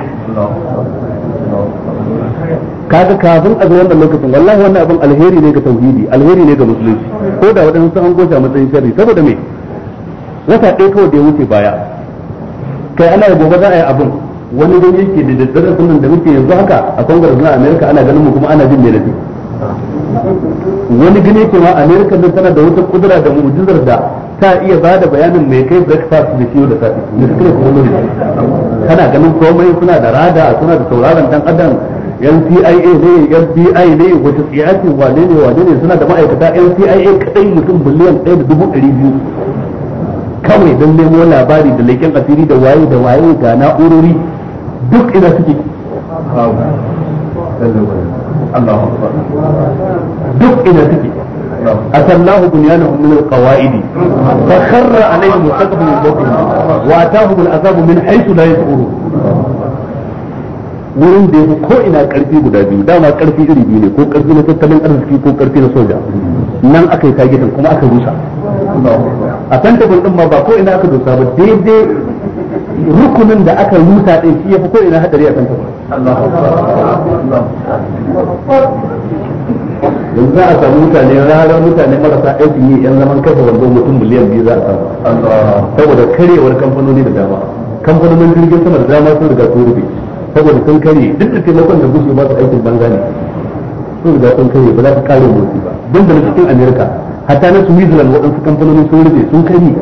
kaga kafin a zo wannan lokacin wallahi wannan abin alheri ne ga tauhidi alheri ne ga musulunci ko da sun an goce a matsayin sharri saboda me wata ɗaya kawai da ya wuce baya kai ana yi gobe za a yi abin wani don yake da daddare sunan da muke yanzu haka a kongres na america ana ganin mu kuma ana jin mai wani gane ke ma america din tana da wata kudura da mu'jizar da ta iya ba da bayanin mai kai breakfast da ciwo da safe da suke kuma kana ganin komai suna da rada suna da sauraron dan adam NCIA ne FBI ne wata tsiya wane ne wane ne suna da ma'aikata NCIA kadai mutum miliyan 1 da dubu 200 kawai don nemo labari da leken asiri da waye da waye ga na'urori duk ina suke duk ina suke أتلاه بنيانهم من القواعد فخر عليهم السقف من فوقهم وأتاهم العذاب من حيث لا يشعرون wurin da yafi ko ina karfi guda biyu dama karfi iri biyu ne ko karfi na tattalin arziki ko karfi na soja nan aka yi tagitin kuma aka rusa a pentagon din ma ba ko ina aka rusa ba daidai rukunin da aka rusa din shi yafi ko ina hadari a pentagon yanzu za a samu mutane ranar mutane marasa aikin yi yan zaman kafa wanda mutum miliyan biyu za a samu saboda karewar kamfanoni da dama kamfanonin jirgin sama da dama sun riga sun rufe saboda sun karye duk da taimakon da gushe ba su aikin banza ne sun da sun karye ba za su kare motsi ba duk da cikin amerika hatta na switzerland waɗansu kamfanonin sun rufe sun karye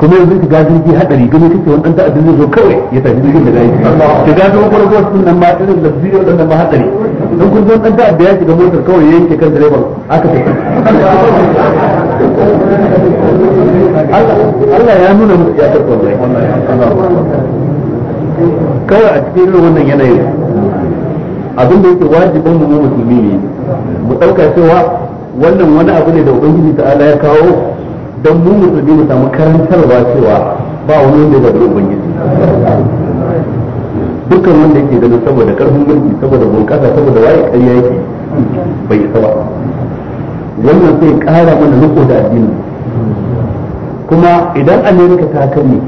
kuma yanzu ka gaji ki hadari gani kake wani dan ta'addin zai zo kawai ya tafi jirgin da gaji ka gaji wani kuma wasu nan ma irin lafiya da nan ma hadari don kun zo dan ta'adda ya shiga motar kawai ya yanke kan direban aka tafi Allah ya nuna musu ya tafi wallahi kawai a cikin irin wannan yanayin abin da yake wajibin mu musulmi ne mu dauka cewa wannan wani abu ne da ubangiji ta'ala ya kawo dan mu musulmi mu samu karantarwa cewa ba wani wanda ya zabi ubangiji dukkan wanda yake ganin saboda karfin mulki saboda bunƙasa saboda waye ƙarya yake bai isa ba wannan sai ƙara mana riko da addini kuma idan amerika ta kame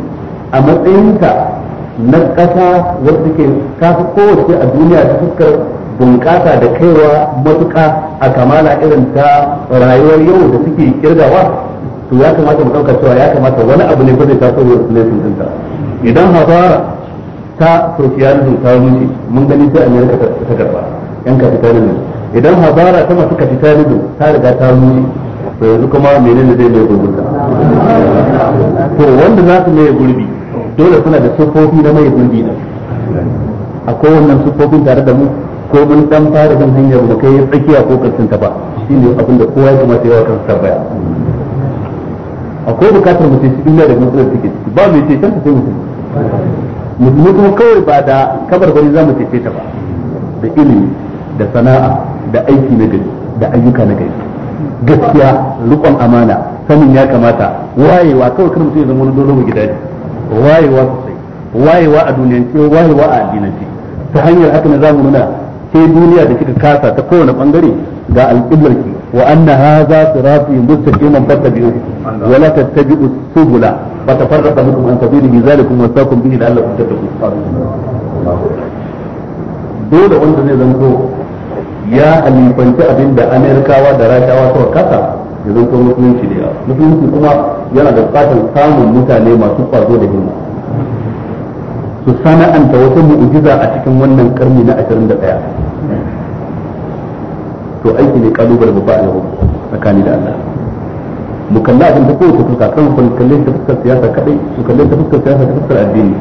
a matsayinta na ƙasa wadda ke kafi kowace a duniya ta fuskar bunƙasa da kaiwa matuƙa a kamala irin ta rayuwar yau da suke kirgawa to ya kamata mu ɗauka cewa ya kamata wani abu ne ba zai taso da resolution ɗinta idan hazara ta socialism ta wuce mun gani sai amerika ta karɓa yan capitalism idan hazara ta masu capitalism ta riga ta wuce to yanzu kuma menene zai mai gurbi to wanda za su mai gurbi dole kuna da sufofi na mai gurbi da a kowannan sufofin tare da mu ko mun dan fara bin hanyar mu kai tsakiya ko kasin ta ba shine abin da kowa ya kamata ya kan sa baya akwai bukatar mu sai illa da matsalar take ciki ba mu ce sai mu musulmi kuma kawai ba da kabar bari za mu ce ta ba da ilimi da sana'a da aiki na gari da ayyuka na gari gaskiya rikon amana sanin ya kamata wayewa kawai kar mutum ya zama wani dole mu gida ne wayewa sosai wayewa a duniyance wayewa a addinance ta hanyar haka na zamu nuna sai duniya da kika kasa ta kowane bangare ga alƙiblarki wa anna hadha sirati mustaqiman fattabi'u wa la tattabi'u subula fatafarraqa bikum an bi zalikum wasaqum bihi la'allakum tattaqun dole wanda zai zanto ya alifanci abinda amerikawa da rashawa suka kasa ya zanto musulunci da yawa musulunci kuma yana da bukatar samun mutane masu kwazo da himma su sana'anta wata mu'ujiza a cikin wannan karni na 21 to aiki ne kalubale ba a yau tsakani da Allah mu kalla abin ta kowace fuska kan mu kalle ta fuskar siyasa kadai su kalle ta fuskar siyasa ta fuskar addini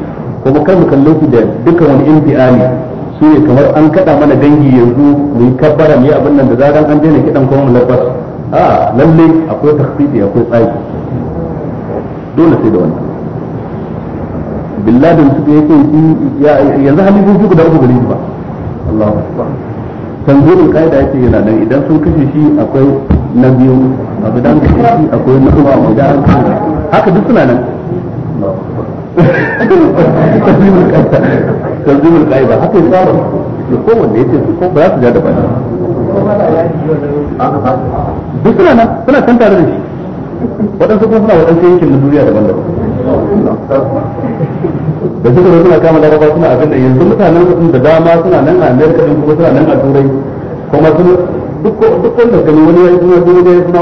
kuma kar mu kalle su da dukkan wani imtihani su ne kamar an kada mana dangi yanzu mu yi kabbara mu yi abin nan da zaran an daina kidan kuma mu labbasa a lalle akwai tafiɗi akwai tsayi dole sai da wannan billadin suka yake yanzu halifofi guda uku gari ba Allahu san tanzurin kaida yake yana nan idan sun kashe shi akwai na biyu a gudan kashe shi akwai na uwa a haka duk suna nan tanzurin kaida haka ba tsara da kowanne ya ce su ko ba za su ja da bani duk suna nan suna can tare da shi waɗansu kuma suna waɗansu yankin na duniya daban daban da suka zo suna kama laraba suna abin da yanzu mutanen su da dama suna nan a amerika din kuma suna nan a turai kuma sun duk duk wanda gani wani ya yi suna duniya ya suna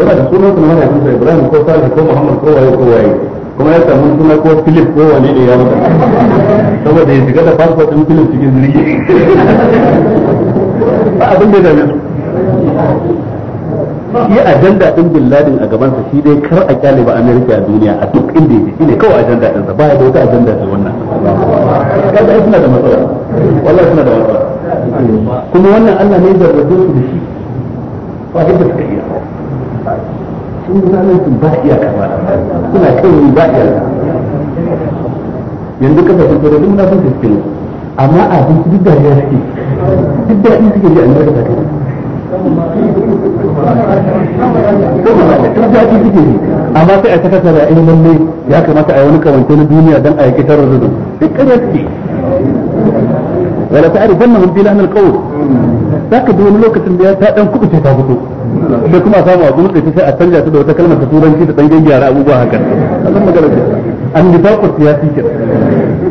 yana da sunan sunan hana jinsa ibrahim ko salih ko muhammad ko waye ko waye kuma ya samu suna ko philip ko wani ne ya maka saboda ya shiga da fasfot din philip cikin jirgi ba abin da ya dame su shi ajanda din bin ladin a gaban sa shi dai kar a kyale ba america a duniya a duk inda yake ne kawai ajanda din sa baya da wata ajanda ta wannan kaga suna da matsala wallahi suna da matsala kuma wannan Allah ne zarrabe su da shi ba yadda da iya sun zalunci ba iya kama suna kai ba iya yanzu kafa sun tsoro duk na sun suke amma a duk duk da ya suke duk da suke ji a ta kai amma sai a takasa da ilimin ne ya kamata a yi wani kawance na duniya don a yaki tarar zuzu duk ƙarar ce wala ta ari fanna mun filanar kawo za ka wani lokacin da ya ta dan kuɓuce ta fito sai kuma a samu abu sai a canja ta da wata kalmar ta turanci ta dan gyara abubuwa haka an yi bako siyasi ke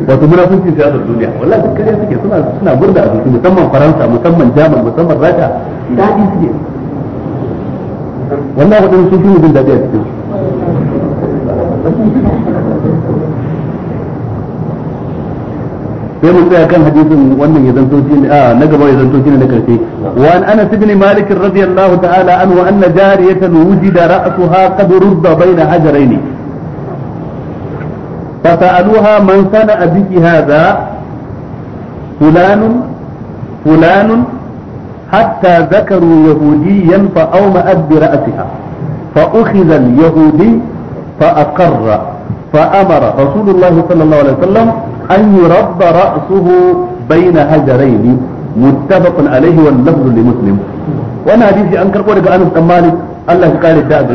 wato munafuncin siyasar duniya wallahi duk kariya suke suna suna burda a jiki musamman faransa musamman jamus musamman rasha daɗi suke wallahi waɗanda sun fi jin daɗi a cikin sai mun tsaya kan hadisin wannan ya zanto shi a na gaba ya zanto shi ne na karshe wa an anas ibn malik radiyallahu ta'ala anhu anna jariyatan wujida ra'suha qad rudda bayna hajaraini فسألوها من صنع بك هذا فلان فلان حتى ذكروا يهوديا فأومأت برأسها فأخذ اليهودي فأقر فأمر رسول الله صلى الله عليه وسلم أن يرب رأسه بين هجرين متفق عليه واللفظ لمسلم وانا حديثي أنكر قولك أنس أمالك الله قال الدعاء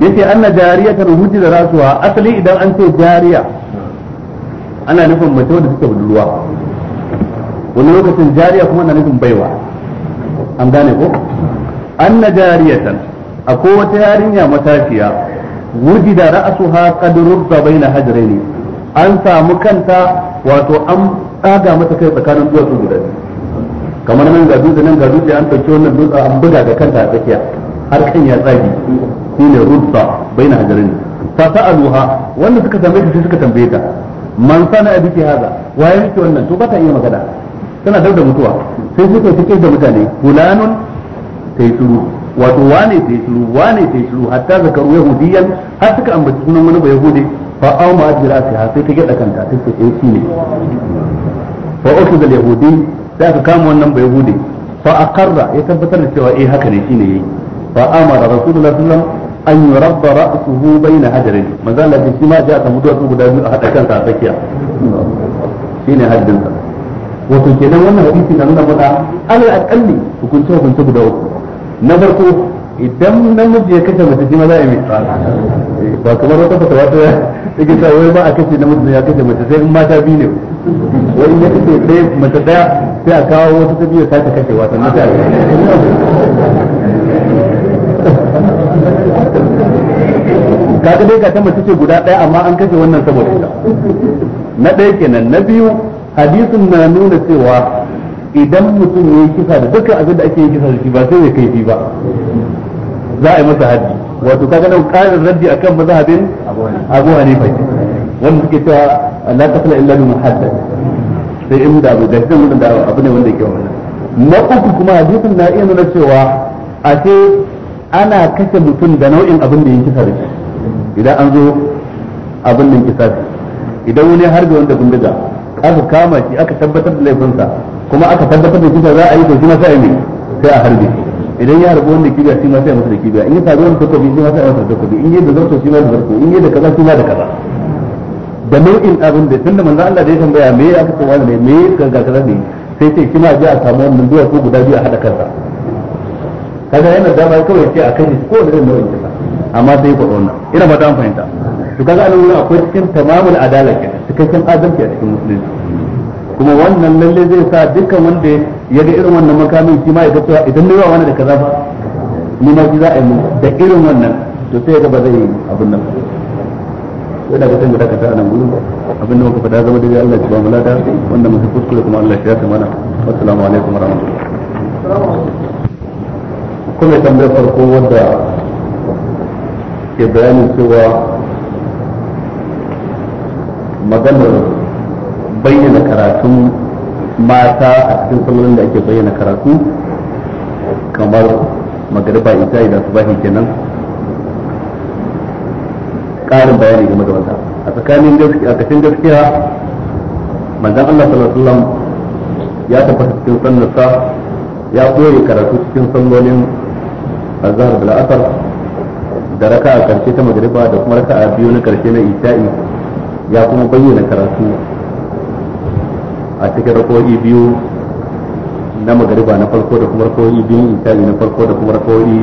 yace anna jariyatan hujja rasuwa asali idan an ce jariya ana nufin mace wadda take budurwa wani lokacin jariya kuma na nufin baiwa an gane ko anna jariyatan akwai wata yarinya matashiya wujida ra'asuha qad rubba baina ne an samu kanta wato an tsaga mata kai tsakanin duwatsu guda kamar nan ga dutse nan ga dutse an ɗauki wannan dutse an buga ga kanta a tsakiya har kan ya tsagi shine rubba baina hajarin fa sa'aluha wanda suka same ta sai suka tambaye ta man sana abiki haza waye miki wannan to iya magana tana dauda mutuwa sai suka take da mutane fulanun sai shiru wato wane sai shiru wane sai hatta zakaru yahudiyan har suka ambaci sunan wani ba yahudi fa aw ma ta sai ta gida kanta ta ce eh shine fa yahudi da aka kama wannan ba yahudi fa aqarra ya tabbatar da cewa eh haka ne shine yayi fa amara rasulullahi sallallahu alaihi wasallam an yurabba ra'suhu baina hajarin manzo Allah ya ce ma ja ta mutuwa guda biyu a hada kansa a tsakiya shine haddin sa wato kenan wannan hadisi na nuna mana alal aqalli hukunce hukunce guda uku na farko idan namiji ya kashe mace shi ma za a yi ba kamar wata fatawa ta take ta wai ba a kashe namiji ya kashe mace sai in mata biyu ne wani ya kashe sai mace daya sai a kawo wata ta biyu ta kashe wata mata kaga dai ka ta mace ce guda ɗaya amma an kashe wannan saboda ita na ɗaya kenan na biyu hadisin na nuna cewa idan mutum ya yi kisa da dukkan abin da ake yin kisa da shi ba sai ya kaifi ba za a yi masa haddi wato kaga nan ƙarin raddi akan mazhabin Abu Hanifa wanda suke cewa la taqla illa bi muhaddad sai in da abu da shi da abu ne wanda yake wannan na uku kuma hadisin na iya nuna cewa a ce ana kashe mutum da nau'in abin da ya kisa da shi idan an zo abin nan kisafi idan wani harbi wanda bindiga aka kama shi aka tabbatar da laifinsa kuma aka tabbatar da kisa za a yi to shi ma sai ne sai a harbe idan ya harbi wanda kibiya shi ma sai masa da kibiya in ya sami wani takobi shi ma sai masa da in yi da zarto shi ma da zarto in yi da kaza shi ma da kaza da nau'in abin da tunda manzo Allah da ya tambaya me aka ce wani me ka ga kaza ne sai sai shi ma je a samu wannan duwatsu guda biyu a hada kansa kaga yana da ba kawai ce a kai ko da nau'in kisa amma sai ku wannan ina ba ta fahimta to kaga an wurin akwai cikin tamamul adala ke cikakken adalci a cikin musulunci kuma wannan lalle zai sa dukkan wanda ya ga irin wannan makamin shi ma ya ga cewa idan na wannan wani da kaza ba ni ma shi za a yi da irin wannan to sai ga ba zai yi abin nan sai ga tun da ka tara nan gudu da muka fada zama da Allah ya ba mu lada wanda muka kuskure kuma Allah ya yafe mana assalamu alaikum warahmatullahi kuma tambayar farko wanda. ke bayanin cewa maganar bayyana karatun mata a cikin sallolin da ake bayyana karatu kamar magariba ita idan su bahi kenan ƙarin bayani game da wata a tsakanin gaskiya a kashin gaskiya manzan Allah sallallahu alaihi wasallam ya tabbata cikin sallarsa ya koyi karatu cikin sallolin azhar bil asr da raka a karshe ta magariba da kuma raka a biyu na karshe na isha'i ya kuma bayyana karatu a cikin rako'i biyu na magariba na farko da kuma rako'i biyu isha'i na farko da kuma rako'i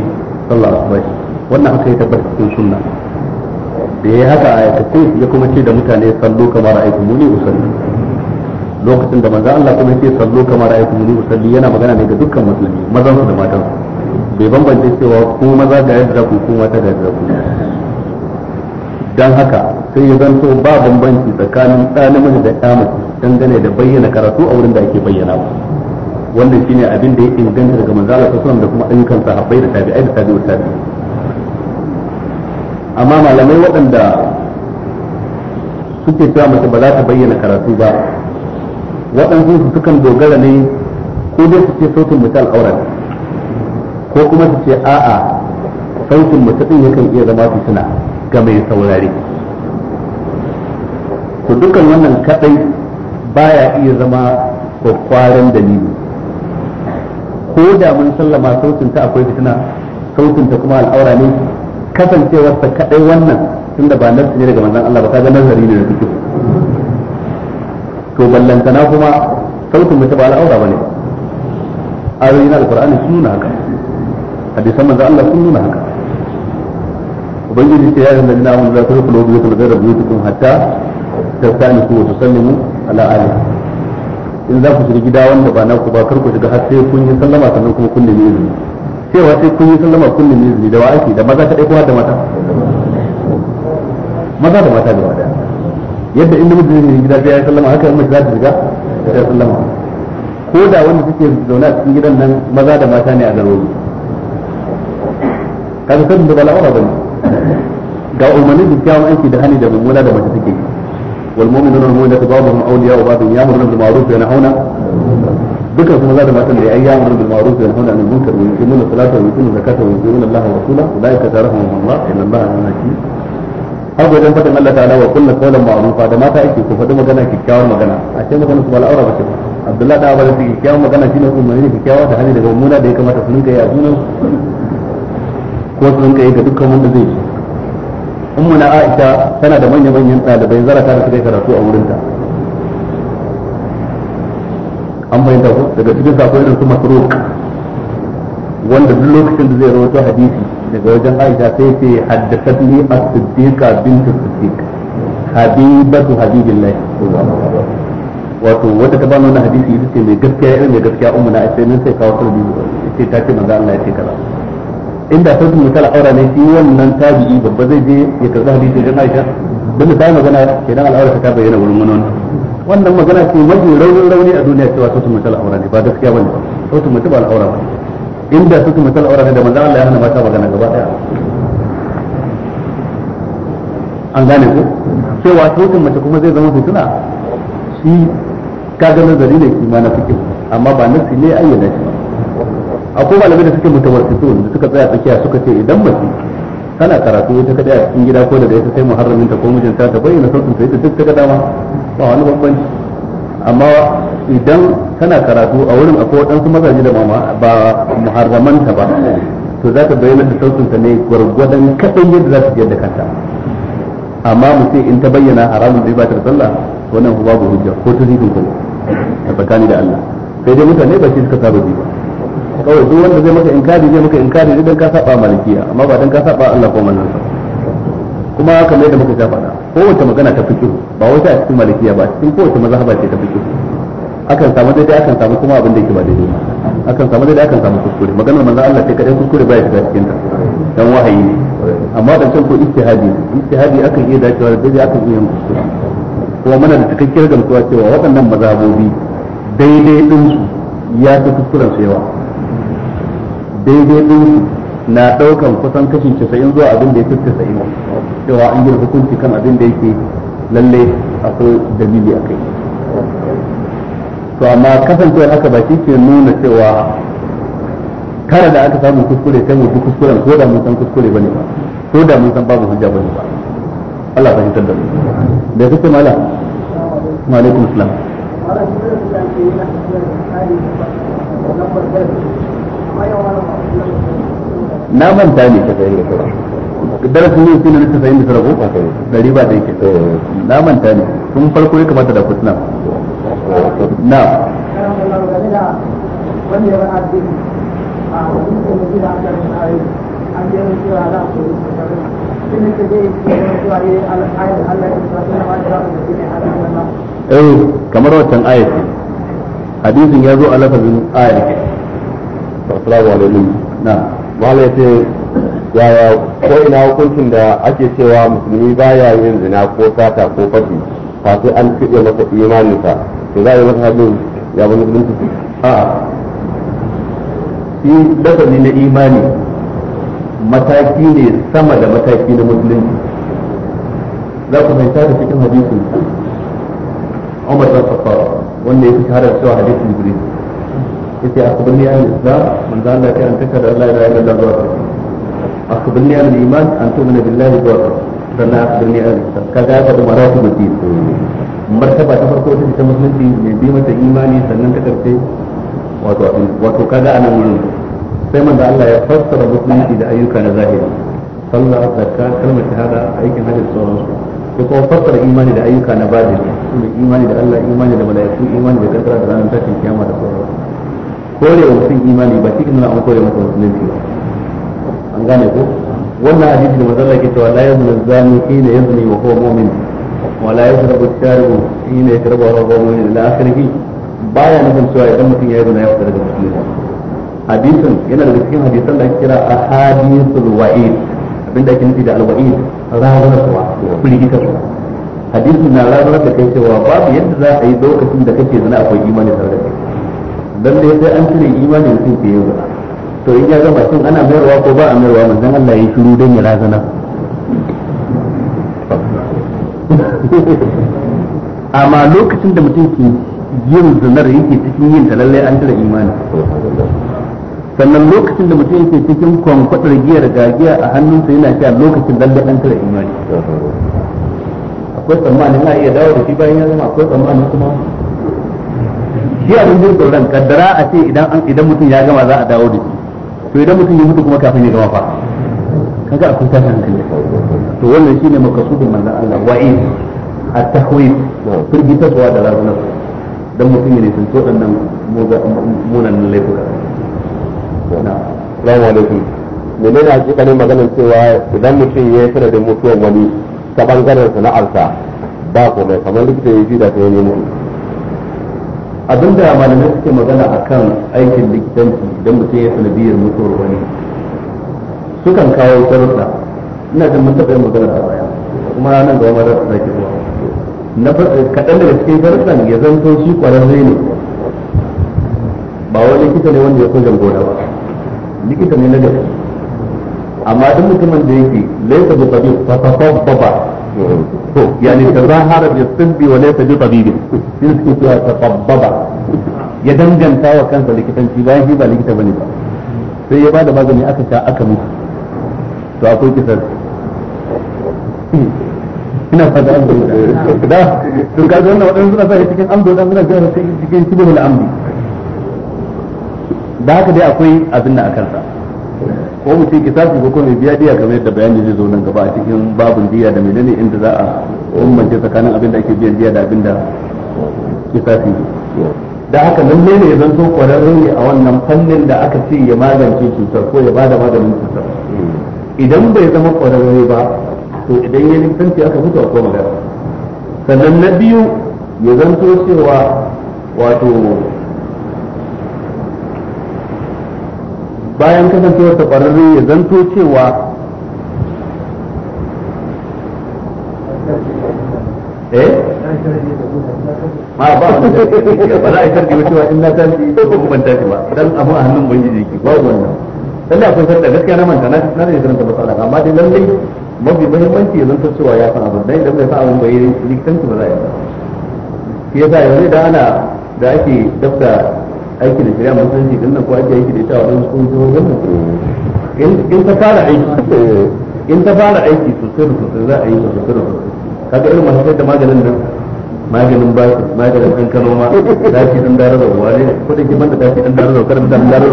sallah asubai wannan haka ya tabbata cikin sunna da ya haka a ce ya kuma ce da mutane sallo kamar aikin muni usalli lokacin da manzo Allah kuma ya ce sallo kamar aikin muni usalli yana magana ne ga dukkan musulmi mazan su da matan su bai bambanta cewa ko maza ga yadda ku ko mata ga yadda ku dan haka sai ya zanto ba bambanci tsakanin ɗa namiji da ɗa mace dangane da bayyana karatu a wurin da ake bayyana wannan shine abin da ya inganta daga manzo Allah da kuma ayyukan sahabbai da tabi'ai da tabi'u tabi'i amma malamai waɗanda suke cewa mace ba za ta bayyana karatu ba waɗansu su sukan dogara ne ko dai su ce sautin mutal auren. ko kuma su ce a'a sautin mutum yakan iya zama fitina ga mai saurare ku dukkan wannan kadai baya iya zama kwakwaren dalili ko da mun sallama sautin ta akwai fitina sautin ta kuma al'aura ne kasancewar ta kadai wannan tunda ba nan ne daga manzon Allah ba kaga nazari ne da fito to ballantana kuma sautin mutum ba al'aura bane ayoyin alqur'ani suna haka hadisan manzo Allah sun nuna haka ubangiji ce ya yi lalina amanu la tadkhulu buyutan ghayra kun hatta ku wa tusallimu ala ali in za ku shiga gida wanda ba naku ba kar ku shiga har sai kun yi sallama sannan kuma kun nemi izini cewa sai kun yi sallama kun nemi izini da wa da maza kadai kuma da mata maza da mata da daya yadda inda mutum zai gida sai ya sallama haka in za ta shiga sai ya sallama ko da wanda suke zaune a cikin gidan nan maza da mata ne a garuru kaga sai da bala'ura bane ga umarnin da kyawun aiki da hali da mummuna da mace take والمؤمنون والمؤمنات بعضهم اولياء بعض يامرون بالمعروف وينهون ذكر في مزاد مثلا اي يامرون بالمعروف وينهون عن المنكر ويقيمون الصلاه ويؤتون الزكاه ويطيعون الله ورسوله اولئك تاركهم الله ان الله لا يكفي har wajen faɗin Allah ta'ala wa kullu qawlan ma'rufa da mata ake ku faɗi magana kyakkyawar magana a ce magana su bala'aura ba ce ba Abdullahi da Abdullahi kyakkyawar magana shine umarni kyakkyawa da hali daga mummuna da ya kamata su rinka yi a ko su rinka yi ga dukkan wanda zai yi Umma na aisha tana da manya manyan ɗalibai zarata da suka karatu a wurinta an fahimta ko daga cikin sako irin su masruq wanda duk lokacin da zai rawaito hadisi daga wajen aisha sai ce haddathatni as-siddiqa bint as-siddiq habibatu habibillah wato wanda ta bani wannan hadisi ita ce mai gaskiya irin mai gaskiya umma na aisha nan sai kawo sarbi ce ta ce manzo Allah ya ce kaza inda sautin mai kala aura ne shi wannan tabi'i babba zai je ya karɓi hadisi da aisha don da magana kenan al'aura ta bayyana wurin wani wannan magana ce mafi raunin rauni a duniya cewa sautin mai kala aura ne ba gaskiya bane sautin mai ba al'aura ba inda sautin mai kala aura ne da manzo Allah ya hana mata magana gaba daya an gane ko cewa sautin mace kuma zai zama fituna shi kaga nazari ne kima na fikin amma ba nasi ne ayyana shi ba akwai malamai da suke mutawassitu da suka tsaya tsakiya suka ce idan mace kana karatu ita kadai a cikin gida ko daga ita sai muharramin ta ko mijinta ta bayyana sautin ta ita duk ta dama ba wani bambanci amma idan kana karatu a wurin akwai waɗansu mazaje da mama ba ta ba to za ta bayyana da sautin ta ne gwargwadon kaɗan yadda za ta biyar da kanta amma mutum in ta bayyana haramun zai ba ta da sallah wannan babu hujja ko ta zikin kuma a tsakani da Allah sai dai mutane ba shi suka saba ba kawai duk wanda zai maka inkari zai maka inkari idan ka saba malikiya amma ba dan ka saba Allah ko manzon sa kuma mai yadda muka ta faɗa kowace magana ta fiki ba wata a cikin malikiya ba cikin kowace mazhaba ce ta fiki akan samu daidai akan samu kuma abin da yake ba daidai akan samu daidai akan samu kuskure maganar manzon Allah sai kadai kuskure ba ya shiga cikin ta dan wahayi ne amma dan can ko ijtihadi ijtihadi akan iya dacewa da daidai akan iya kuskure kuma muna da cikakkiyar gamsuwa cewa waɗannan mazhabobi daidai ɗinsu ya fi kuskuren su yawa daidai ɗinsu na ɗaukan kusan kashi casa'in zuwa abin da ya fi casa'in cewa an gina hukunci kan abin da yake lalle akwai dalili a kai to amma kasancewar haka ba shi ke nuna cewa kare da aka samu kuskure sai mu bi kuskuren ko da mun san kuskure bane ba ko da mun san babu hujja bane ba Allah ba hitar da mu da kuke mala wa alaikum assalam na manta ne ta sai da darasin ne sai na tasayin da sarrafa ko dari ba da yake na manta ne sun farko ya kamata da kusa na na eh, kamar wancan ayat hadisin ya zo a lafazin ayat assalamu alaikum na mala yace yaya ko ina hukuncin da ake cewa musulmi baya yin zina ko sata ko fashi fa sai an kide masa imaninsa to za a yi masa hadin ya bani musulunci a shi lafazi na imani mataki ne sama da mataki na musulunci za ku fahimta da cikin hadisin Umar bin Khattab wanda ya fi shahara cewa hadisin Jibril yace akhbirni an al-islam manzo Allah ya an taka da Allah ya yarda da zuwa akhbirni an al-iman an tu'mina billahi wa sannan akhbirni an al-islam kaga ya faɗi maratibu din martaba ta farko ita ta musulunci mai bi mata imani sannan ta karshe wato wato kaga anan wurin sai manzo Allah ya fassara musulunci da ayyuka na zahiri sallah zakka kalmar shahada aikin hajji sauransu ko kuma fassara imani da ayyuka na batini imani da Allah imani da mala'iku imani da kaddara da ranar tashin kiyama da sauransu kore wa mutum imani ba cikin nuna an kore masa musulunci ba an gane ko wannan hadisi da mazalla ke cewa la yazna zani yanzu ne wa kowa mu'min wa la yashrabu sharibu ya yashrabu wa huwa mu'min ila akhirih baya nufin cewa idan mutum ya yi zina ya fita daga musulunci hadisin yana daga cikin hadisan da ake kira ahadithul wa'id abinda ake nufi da alwa'id razanarwa kuwa hadisin na razanar da kai cewa babu yadda za a yi lokacin da kake zina akwai imani tare da kai lalle sai an cire imani mutum ke yi guda to in ya gama sun ana mayarwa ko ba a mayarwa manzon Allah ya shiru don ya razana amma lokacin da mutum ke yin zinar yake cikin yin ta lallai an cire imani sannan lokacin da mutum yake cikin kwankwatar giyar gagiya a hannunsa yana cewa lokacin lalle an cire imani akwai tsammanin a iya dawo da shi bayan ya zama akwai tsammanin kuma shi abin jin tsoron kaddara a ce idan idan mutum ya gama za a dawo da shi to idan mutum ya mutu kuma kafin ya gama fa kaga akwai tashin hankali to wannan shine makasudin manzon Allah wa'in at firgita zuwa da razunar dan mutum ne sun to dan munanan laifuka ne alaikum menene hakikalin maganar cewa idan mutum ya yi sanadin mutuwar wani ta bangaren sana'arsa ba komai kamar likita ya ji da ta yi nemo Abin da malamai suke magana a kan aikin likitanci idan mutum ya sanadiyar mutuwar wani sukan kawo sharuɗa ina jin mun taɓa yin magana a baya kuma nan gaba ma za su zuwa na kaɗan daga cikin sharuɗan ya zanto shi ƙwararre ne ba wani likita ne wanda ya so jangora ba likita ne na gaba amma duk mutumin da yake laifin da sabi fa fafafa ba يعني تظاهر بالطب وليس بطبيب يسكت وتطبب ya danganta wa kansa likitanci bayan shi ba likita bane ba sai ya bada magani aka sha aka mutu to akwai kisar ina fata an da da to kaga wannan wadannan suna sa cikin amdo dan suna ga cikin cikin shibhul amdi da haka dai akwai abin nan a sa. ko mu ce kisasi ko kuma biya diya kamar yadda bayani zai zo nan gaba a cikin babun diya da menene inda za a ummance tsakanin abin da ake biyan diya da abin da kisasi da haka nan ne zan so kwararre ne a wannan fannin da aka ce ya magance cutar ko ya bada maganin cutar idan bai zama kwararre ba to idan ya nisanci aka fito a koma gara sannan na biyu ya zanto cewa wato bayan kasancewarsa ƙwararre ya zanto cewa eh ma ba wani ba za a yi tarbi cewa in na tashi ko ban tashi ba dan abu a hannun ubangiji ke ba wannan dan da akwai sarta gaskiya na manta na na ne karanta masala amma dai lalle mafi muhimmanci ya zanto cewa ya san abu dan idan bai sa abin bai yi likitanci ba za a yi ba shi yasa yanzu da ana da ake dabda aiki da shari'a musulunci din nan ko ake aiki da ita wajen sun jihohin in ta fara aiki eh. in ta fara aiki sosai da sosai za a yi sosai da sosai kaga irin masu sai da maganin nan maganin ba maganin kano ma shi dan darar wani ko da ke banda shi dan darar kada mutan darar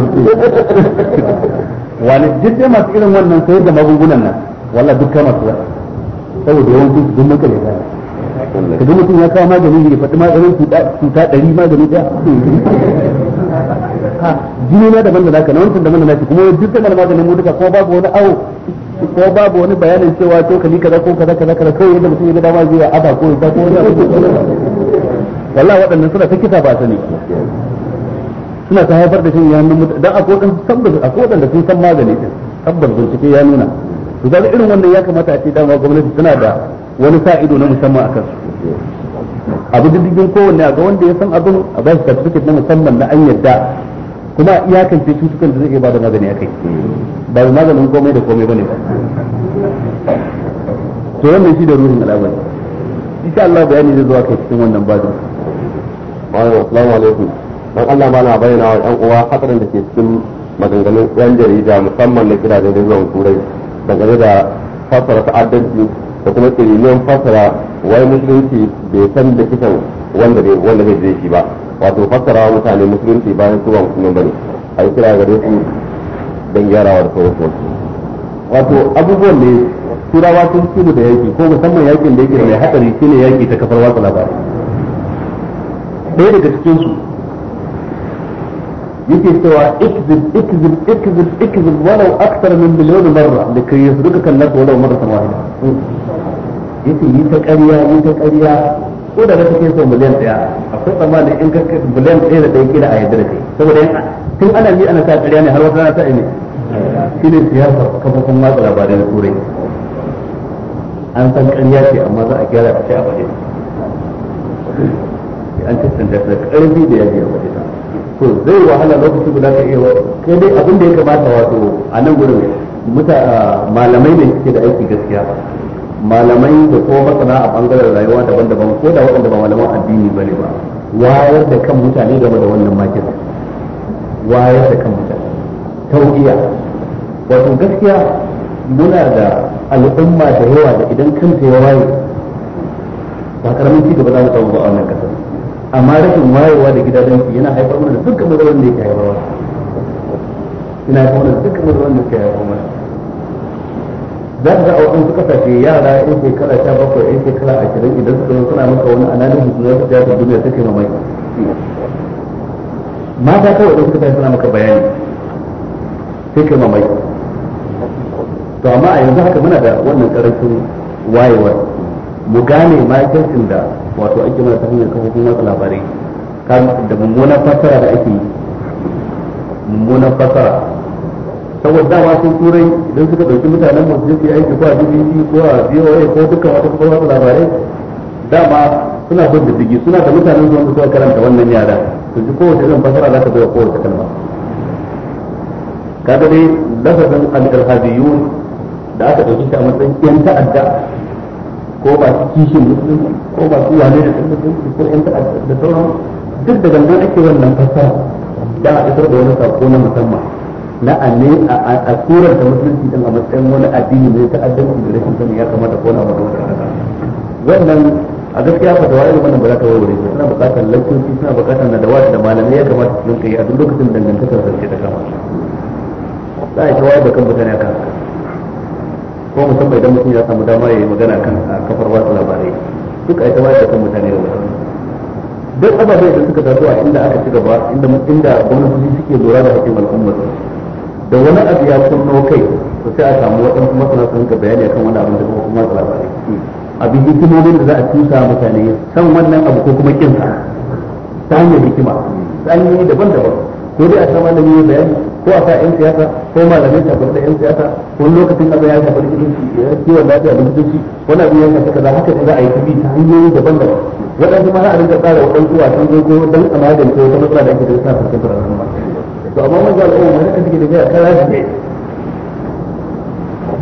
wani jidda masu irin wannan sai da magungunan nan wallahi duk kama su saboda yawanci su dun makale ka kaga mutum ya kawo magani ne ya faɗi maganin cuta ɗari magani ɗaya jini na daban da naka na wancan daban da naki kuma duk da maganin mu duka ko babu wani awo ko babu wani bayanin cewa to kali kaza ko kaza kaza kaza kawai yadda mutum ya ga dama zai aba ko ya ko wani abu wallahi waɗannan suna ta kisa ba sani suna ta haifar da shi ya nuna dan akwai dan tabbas akwai wanda sun san magani din tabbas bincike ya nuna to ga irin wannan ya kamata a ce dama gwamnati tana da wani sa ido na musamman akan su abu diddigin kowanne a ga wanda ya san abin a ba shi certificate na musamman na an yadda kuma iyakance cutukan da zai iya bada magani a kai ba da maganin komai da komai bane ba to wannan shi da ruhin al'amari insha Allah bayani zai zo kai cikin wannan babu assalamu alaikum dan Allah ma na bayyana wa uwa da ke cikin maganganun yan jarida musamman na gidajen turai dangane da fasara ta'addanci da kuma tsiriliyan fasara wai musulunci bai san da kisan wanda bai wanda bai zai shi ba wato fasara mutane musulunci bayan su ba musulmi bane a yi kira gare su don gyarawa da sauransu wato abubuwan ne turawa sun cibu da yaki ko musamman yakin da yake da mai hatsari shine yaki ta kafar watsa labarai ɗaya daga cikin su yake cewa ikzib ikzib ikzib ikzib walau akthar min bilyon marra likay yasduka kan nas walau marratan samari. yace yi ta ƙarya yi ta ƙarya ko da kake so miliyan ɗaya akwai tsammanin in ka miliyan ɗaya da ɗaya kira a yadda da kai saboda tun ana yi ana sa ƙarya ne har wata rana ta ne shi ne siyasa kafofin watsa labarai na turai an san ƙarya ce amma za a gyara a ce a faɗi an tattanta da ƙarfi da yaji a waje ta to zai wahala lokaci guda ka iya kai dai abin da ya kamata wato a nan gudun malamai ne suke da aiki gaskiya ba malamai da ko masana a bangaren rayuwa daban-daban ko da waɗanda ba malaman addini ba ne ba wayar da kan mutane game da wannan makin wayar da kan mutane tauhiya wato gaskiya muna da al'umma da yawa da idan kanta ya waye ba karamin ci gaba za mu samu ba a wannan kasar amma rashin wayewa da gidajen yana haifar mana da dukkan matsalolin da yake haifarwa yana haifar mana dukkan matsalolin da yake haifarwa za ka ga a suka kasashe yara yan shekara sha bakwai yan shekara ashirin idan suka zo suna maka wani su zo su jaka duniya suke mamaki mata kawai idan suka tafi suna maka bayani suke kai mamaki to amma a yanzu haka muna da wannan karancin wayewar mu gane makircin da wato ake mana ta hanyar kafofin watsa labarai da mummunan fassara da ake yi mummunan fassara saboda dama sun turai idan suka dauki mutanen mu su yi aiki ko a BBC ko a BOA ko dukkan wata kafar labarai dama suna bin diddigi suna da mutanen su wanda suka karanta wannan yara su ji kowace irin fasara za ta bai kowace kalma kaga dai lafazin al-irhabiyun da aka dauki shi a matsayin yan ta'adda ko ba su kishin musulunci ko ba su wane da musulunci ko yan ta'adda da sauran duk da gangan ake wannan fasara da a isar da wani sako na musamman na a ne a turar da musulunci din a matsayin wani addini ne ta addinin da rashin sani ya kamata ko na wani wani haka wannan a gaskiya ba da wani wannan ba za ta warware ba suna bukatar lantarki suna bukatar na da wata da malamai ya kamata su rinka yi a duk lokacin dangantakar da ke ta kama za a yi shawara da kan mutane a kan ko musamman idan mutum ya samu dama ya yi magana kan a kafar watsa labarai duk a yi shawara da kan mutane da mutane duk ababai da suka taso a inda aka ci gaba inda inda gwamnati suke lura da hakkin al'ummar da wani abu ya kunno kai to sai a samu waɗansu masana sun ka bayani akan wani abin da kuma kuma a bi bi hikimomin da za a tusa mutane san wannan abu ko kuma kin sa ta hanyar hikima ta hanyoyi daban-daban ko dai a sa malami yi bayani ko a sa 'yan siyasa ko malamai shafar da 'yan siyasa ko lokacin da ya shafar ilimi kiwon lafiya da mutunci wani abu yana shafi kaza haka da za a yi tabi ta hanyoyi daban-daban waɗansu ma za a rinka tsara waɗansu wasan gogo don a magance wata matsala da ake da sa da al'umma to amma a ga al'umma wani kara shi ne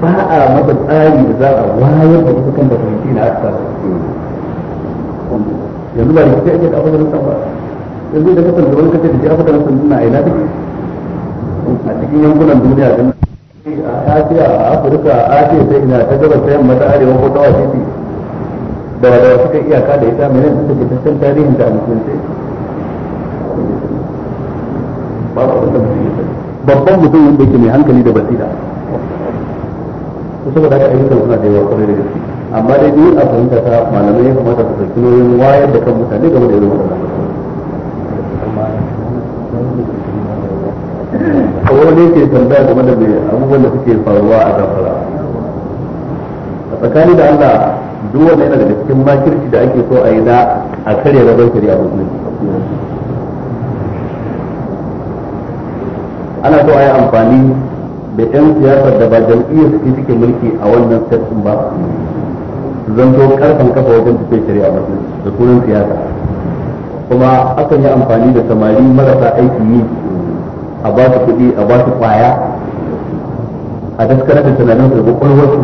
ba a masa tsari da za a wayar da ita kan da na aka yanzu ba da kike ake da abin da ba yanzu da kasan da wani kace da shi abin da san na aina a cikin yankunan duniya din a Asiya a Afirka a Asiya sai ina ta gabas ta yamma ta arewa ko ta wasiti da wadawa suka iyaka da ita menene suka ke tattalin tarihin da musulunci ba ku da mutum ya babban mutum wanda yake mai hankali da basira kusa da ayyukan suna da yawa kwarai da gaske amma dai duk a fahimta ta malamai ya kamata su saki nauyin wayar da kan mutane game da irin waɗannan a wani ke tambaya game da mai abubuwan da suke faruwa a zamfara a tsakani da allah duk wanda yana daga cikin makirci da ake so a yi na a karya rabar shari'a musulunci ana so a yi amfani da yan siyasar da ba jam'iyyar ke suke mulki a wannan sassin ba su zanto karfin kafa wajen tafiya shari'a musulunci da sunan siyasa kuma akan yi amfani da samari marasa aiki yi a ba su kuɗi a ba su kwaya a daskarar da tunanin su da su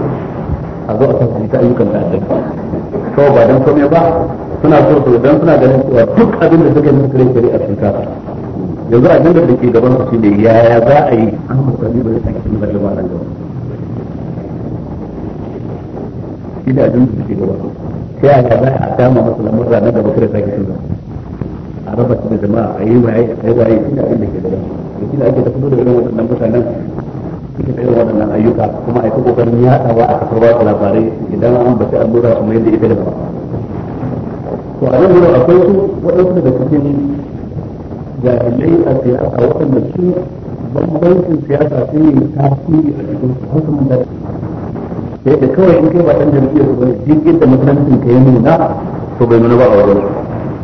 a zo a kan ta ayyukan da ta'addanci kawai ba don kome ba suna so su don suna ganin cewa duk abin da suka yi musu kare shari'a sun kasa yanzu a da ke gaban su shine yaya za a yi an musali ba zai sake cin zalla ba nan gaba gidajen da ke gaban sai a yaya za a kama masu lamar ranar da bakar sake cin a raba su da jama'a a yi waye a yi waye yi abin inda ke gaban su shi ne ake ta fito da irin waɗannan mutanen suke da irin waɗannan ayyuka kuma a yi ta ƙoƙarin yaɗawa a kasar ba labarai idan an bace allura a kuma yadda ita da ba to a nan wurin akwai su waɗansu daga cikin jahilai a siyasa waɗanda su bambancin siyasa sun yi tasiri a cikin su haka mun da da kawai in kai ba ɗan jam'iyyar ba ne duk yadda mutuncin ka ya nuna to bai nuna ba a wajen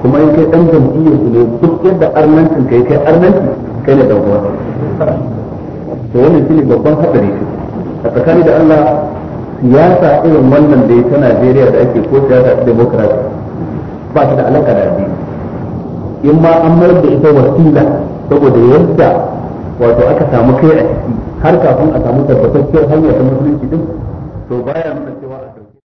kuma in kai ɗan jam'iyyar ne duk yadda arnancin ka ya kai arnanci kai ne ɗan to wannan shi ne babban haɗari a tsakani da Allah siyasa irin wannan da ya ta Najeriya da ake ko siyasa ta ba ta da alaka da in ma an mayar da ita wasila saboda yadda wato aka samu kai a ciki har kafin a samu tabbatacciyar hanya ta musulunci din to baya nuna